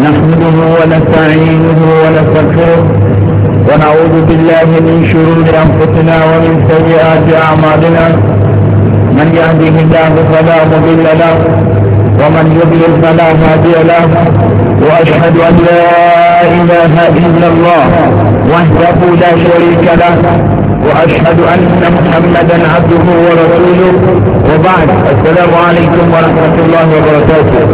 نحمده ونستعينه ونستغفره ونعوذ بالله من شرور أنفسنا ومن سيئات أعمالنا من يهده الله فلا مضل له ومن يضلل فلا هادي له واشهد ان لا اله الا الله وحده لا شريك له واشهد ان محمدا عبده ورسوله وبعد السلام عليكم ورحمه الله وبركاته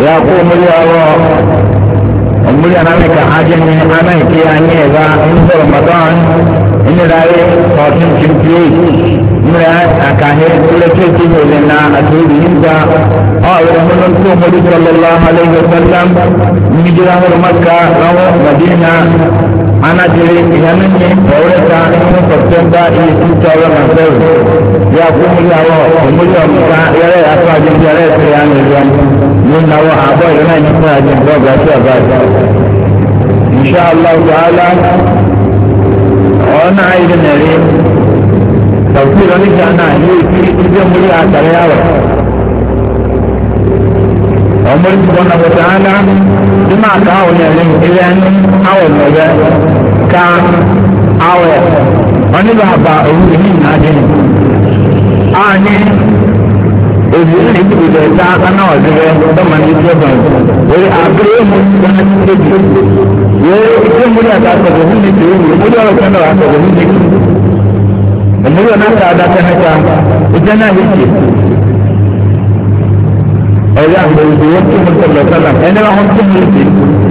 يقوم يا أمري أنا عليك حاجة من أمامك يعني إذا انظر رمضان inira ye fourteen fifty eight mura akahe kulete ti nyere na atiri nta ọ yẹrẹ mọnà tó mọdé sọlọlá aleyhi sallam nidira horo maka lọwọ madina anadiri ìyanu nyi ọwọlẹ ta ní sọtẹmbà iye tí tí ọwọ náà sẹwọ yà kó mu yàwọ òmùlẹ ọmọta yẹrẹ yàtọ àjẹjẹ yẹrẹ ẹsẹ yà ní ìlú ní nàwọ àbọ yẹrẹ náà àjẹjẹ ọgbà tí ọgbà tí. insha ọ̀nà ìdẹ̀nẹ̀rẹ̀ tọ̀kú ìrọ̀lẹ́sà náà ní ìkiri ìdí ọmọdé àtàrẹ́ àwọ̀ ọmọdé ti bọ́nà bọ̀tà ánà bí máa ká àwọn ẹ̀rẹ́ ilé ẹni àwọ̀ lọ́yẹ ká àwọ̀ oníbàbà òwúrò ní ìnáde àní èdè ní ìdìbò ẹ̀ta anáwó ẹ̀dẹ́gbẹ́ tọ́mà ní ìdílé bọ̀ wẹ́rẹ́ àbúrò mú ìdáná ti tẹ́jú wẹ́rẹ́ ìdílé múlí àti àtọ̀gbọ̀ mú ní tèwé wù múlí ọ̀rọ̀ kan náà àtọ̀gbọ̀ mú ní kú múlí ọ̀nà àti àdàkẹ́ mẹ́ta ìjẹ́ náà yé jì ẹ̀rẹ́ àgbẹ̀ ìdíwọ́ tó mú sọ̀rọ̀ sọ̀rọ̀ ẹni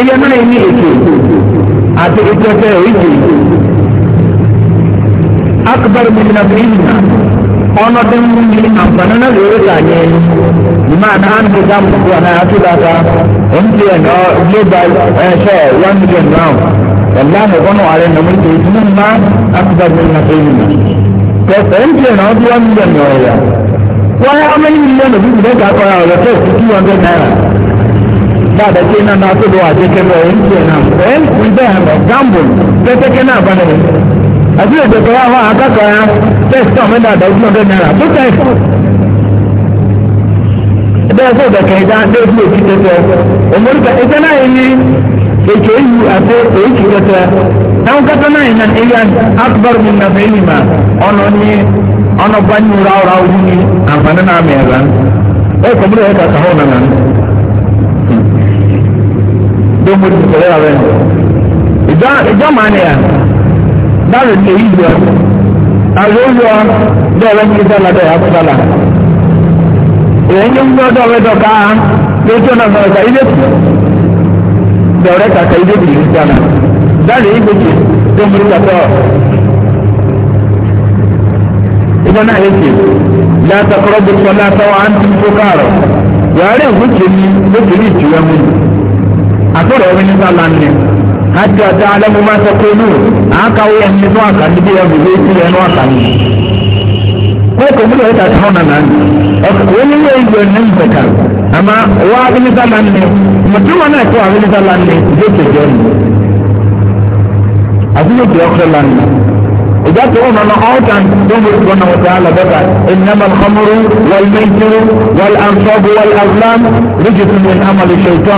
èyẹ náà ní ètò àti ìtẹ́fẹ́ òyìnbó akbar bìnnà bìnnà ọ̀nà tí ń mú àǹfààní náà lórí ìlànà máa náà ń gbèdá mọ̀tò àná àtúbàtà mtn ọ global ẹ̀ṣẹ̀ one million round wàláhùn ọ̀nà ààrẹ nàmú ìtò ìdúná má akbar bìnnà bìnnà kẹsẹ̀ mtn ọ bí one million ọ̀yà wọ́n yá ọmọ yìí mílíọ̀nù bí ìdẹ́ka kọ́ra ọ̀rọ̀ tó two hundred naira na na بعد جينا نعطي له عجيك الرئيس جينا الرئيس والبهم جنبه تتكنا بني أبي أبقى هو عكاك يا تستعمل هذا اسمه بنينا بكيف bẹ́ẹ̀ fún ìdẹ̀kẹ̀ ìdá dé fún èkì tẹ́tẹ́ òmùrùkà ìtẹ́ náà yìí ní èkè ìlú àti èkì tẹ́tẹ́ náà na náà yìí náà ilé akbar mi nà fẹ́ ìlìmà ọ̀nà ní ọ̀nà bá nyúra ọ̀rọ̀ àwọn yìí ní àǹfààní náà mẹ́rin ẹ̀ kọ̀mùrù ẹ̀ kàkà hó nàná tó mo ti sọ̀rọ̀ yàrá yẹn ìjọ ìjọ màá nìyà dáre lè yí yọ àlọ́ yọ dọ̀rẹ́ ní sálà dọ̀rẹ́ àkọ́sálà èyí ń yọ dọ̀rẹ́ dọ̀ká lójú ọ̀nà sọ̀rọ̀ kà ilé tù dọ̀rẹ́ kàkà ilé tù yìí sálà dáre yí gbèjì tó mo ti sọ̀rọ̀ ìjọ náà yẹ kí látàkọ́rọ́ bí sọ́lá sọ́wọ́ àǹtí fúkàrọ̀ yàrá ìwúkẹ́ ni lókèrè ìtura mú mi àtúrò ẹ̀rí nígbà lánàá àti ọ̀tá alẹ́mu máa sọ pé lù àákàwé ẹni nínú àkàní bí ẹbí lé sí ẹnu àkàní. wọ́n kò múlò ẹ̀ta tó hàn náà ẹ̀kọ́ oníwé ìgbẹ́ ní ìgbẹ́ta àmà wọ́n abí nígbà lánàá mọ̀tún wọn náà tó abí nígbà lánàá ìdí ètò ìjọ nù. àbúrò kì í ọkọ lánàá ìjà tó wọn nọ ọ̀tàn tó mú ìgbọ́n náà wọ́n ala bẹ́ta ìnáma lọ́mọ́rú wọ́n mẹ́tìrú wọ́n àǹfọ̀bù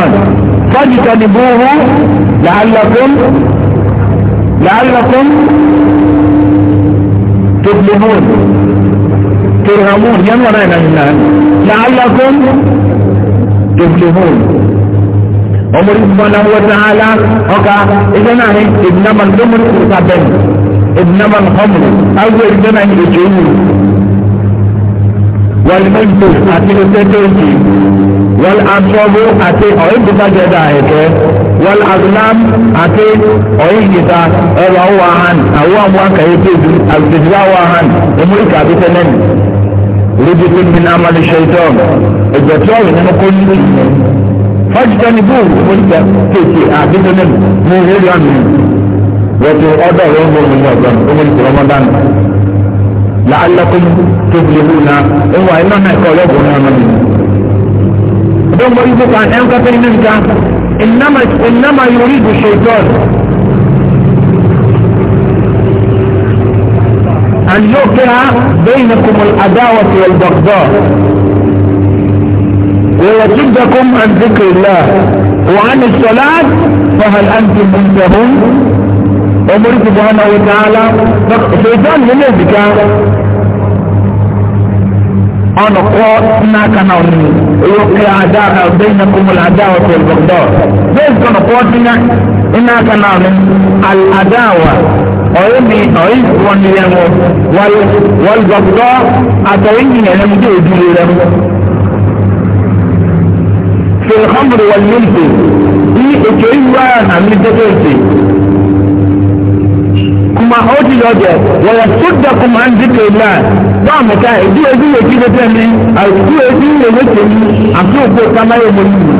فاجتنبوه لعلكم لعلكم تظلمون ترهمون يا مرينا هنا لعلكم تظلمون عمر سبحانه وتعالى وقع إذا نحن إبنما ابن من إبنما أو ابن من الجنون والمجد أتلو تتوتي wọ́n asọ́bù àti ọ̀yìn tó bá jẹ́dá ẹ̀kẹ́ wọ́n azulam àti ọ̀yìn yìta ẹ̀rọ àwọn ahàn àwọn àwọn akẹ́yẹ tẹ̀sí àgbẹ̀dìbá àwọn ahàn ẹ̀mọ́ríkà àti tẹ́lẹ̀mì lójú tó ní amadu ṣètọ́n ẹ̀jẹ̀ tó ọ̀rọ̀ nínú kó ní ìlú fọ́jútọ́ ní bóòlù ẹ̀mọ́ríkà tẹ̀sí àti tẹ́lẹ̀mì mú rẹ́rì àmì wọ́tò ọ̀dọ̀ rẹ̀ ń ثم يبقى الحيوان كان تاني نرجع انما انما يريد الشيطان ان يوقع بينكم العداوة والبغضاء ويصدكم عن ذكر الله وعن الصلاة فهل انتم منتهون ومريد سبحانه وتعالى الشيطان ينزك انا قوة ما كان عنه ويوقي عداء بينكم العداوة والبغضاء بينكم قوتنا إنا كنعمل العداوة ọ̀rẹ́mi ọ̀rẹ́ ìfọ̀n ni ẹ̀mọ wọlbọ̀gbọ́ àtọ̀rẹ́yìn ẹ̀lẹ́mdé òdúró rẹ̀ fìlhàmùrù wọlé ìpè ní ètò ìwà àmì tẹ́tẹ́ ìpè kuma hoti lọ́jọ́ wọ́n yẹ sódà kuma ń dìkẹ̀ ìlà báà mẹ́ta ìdí ojú yẹ kí ló tẹ̀ mí àìsí ojú yẹ ló tẹ̀ mí àti òkú kama yẹ mọ nínú.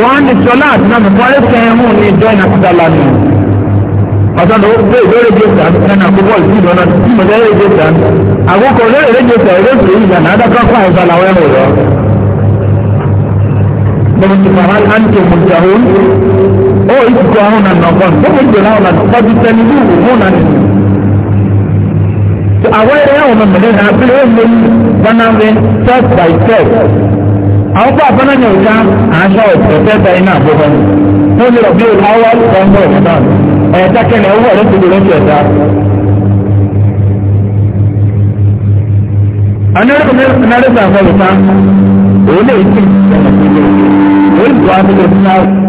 wọ́n á ní sọlá àti náà mọ̀ wọ́n fẹ́ hàn ní ìjọ iná kúta lánàá. ọ̀sán ló gbé ìlórí jésà ẹnà kó bọ́ọ̀lù sí ìdáná tí mo tẹ́ lórí jésà àkókò lórí jésà ìrẹsì ìyànà adákọ́kọ́ àìsàn làwọn ẹ̀rọ rẹ̀ ó oh, ìtìtì oh, àwọn ọ̀nà nàkọ́ ní bókè ìdè náà ọ̀nà nàkọ́ ti sẹ́ni ní ìwò mọ́ nàní. àwọn eré àwọn ọmọ mẹ́lẹ́ náà bí ó lè gbanáwé step by step. àwọn kó àfẹ́nà ní òjá àṣà ọ̀tẹ̀ bẹ́ẹ̀ náà bọ́kọ́ ní. ó lè rọ̀ bí o láwọ́ ọ̀gbọ́n ọ̀gbọ́n ẹ̀ẹ́dá kẹ́ni owó ẹ̀rẹ́ ti lè ṣẹ̀dá. anẹ́rẹ́kọ̀ọ́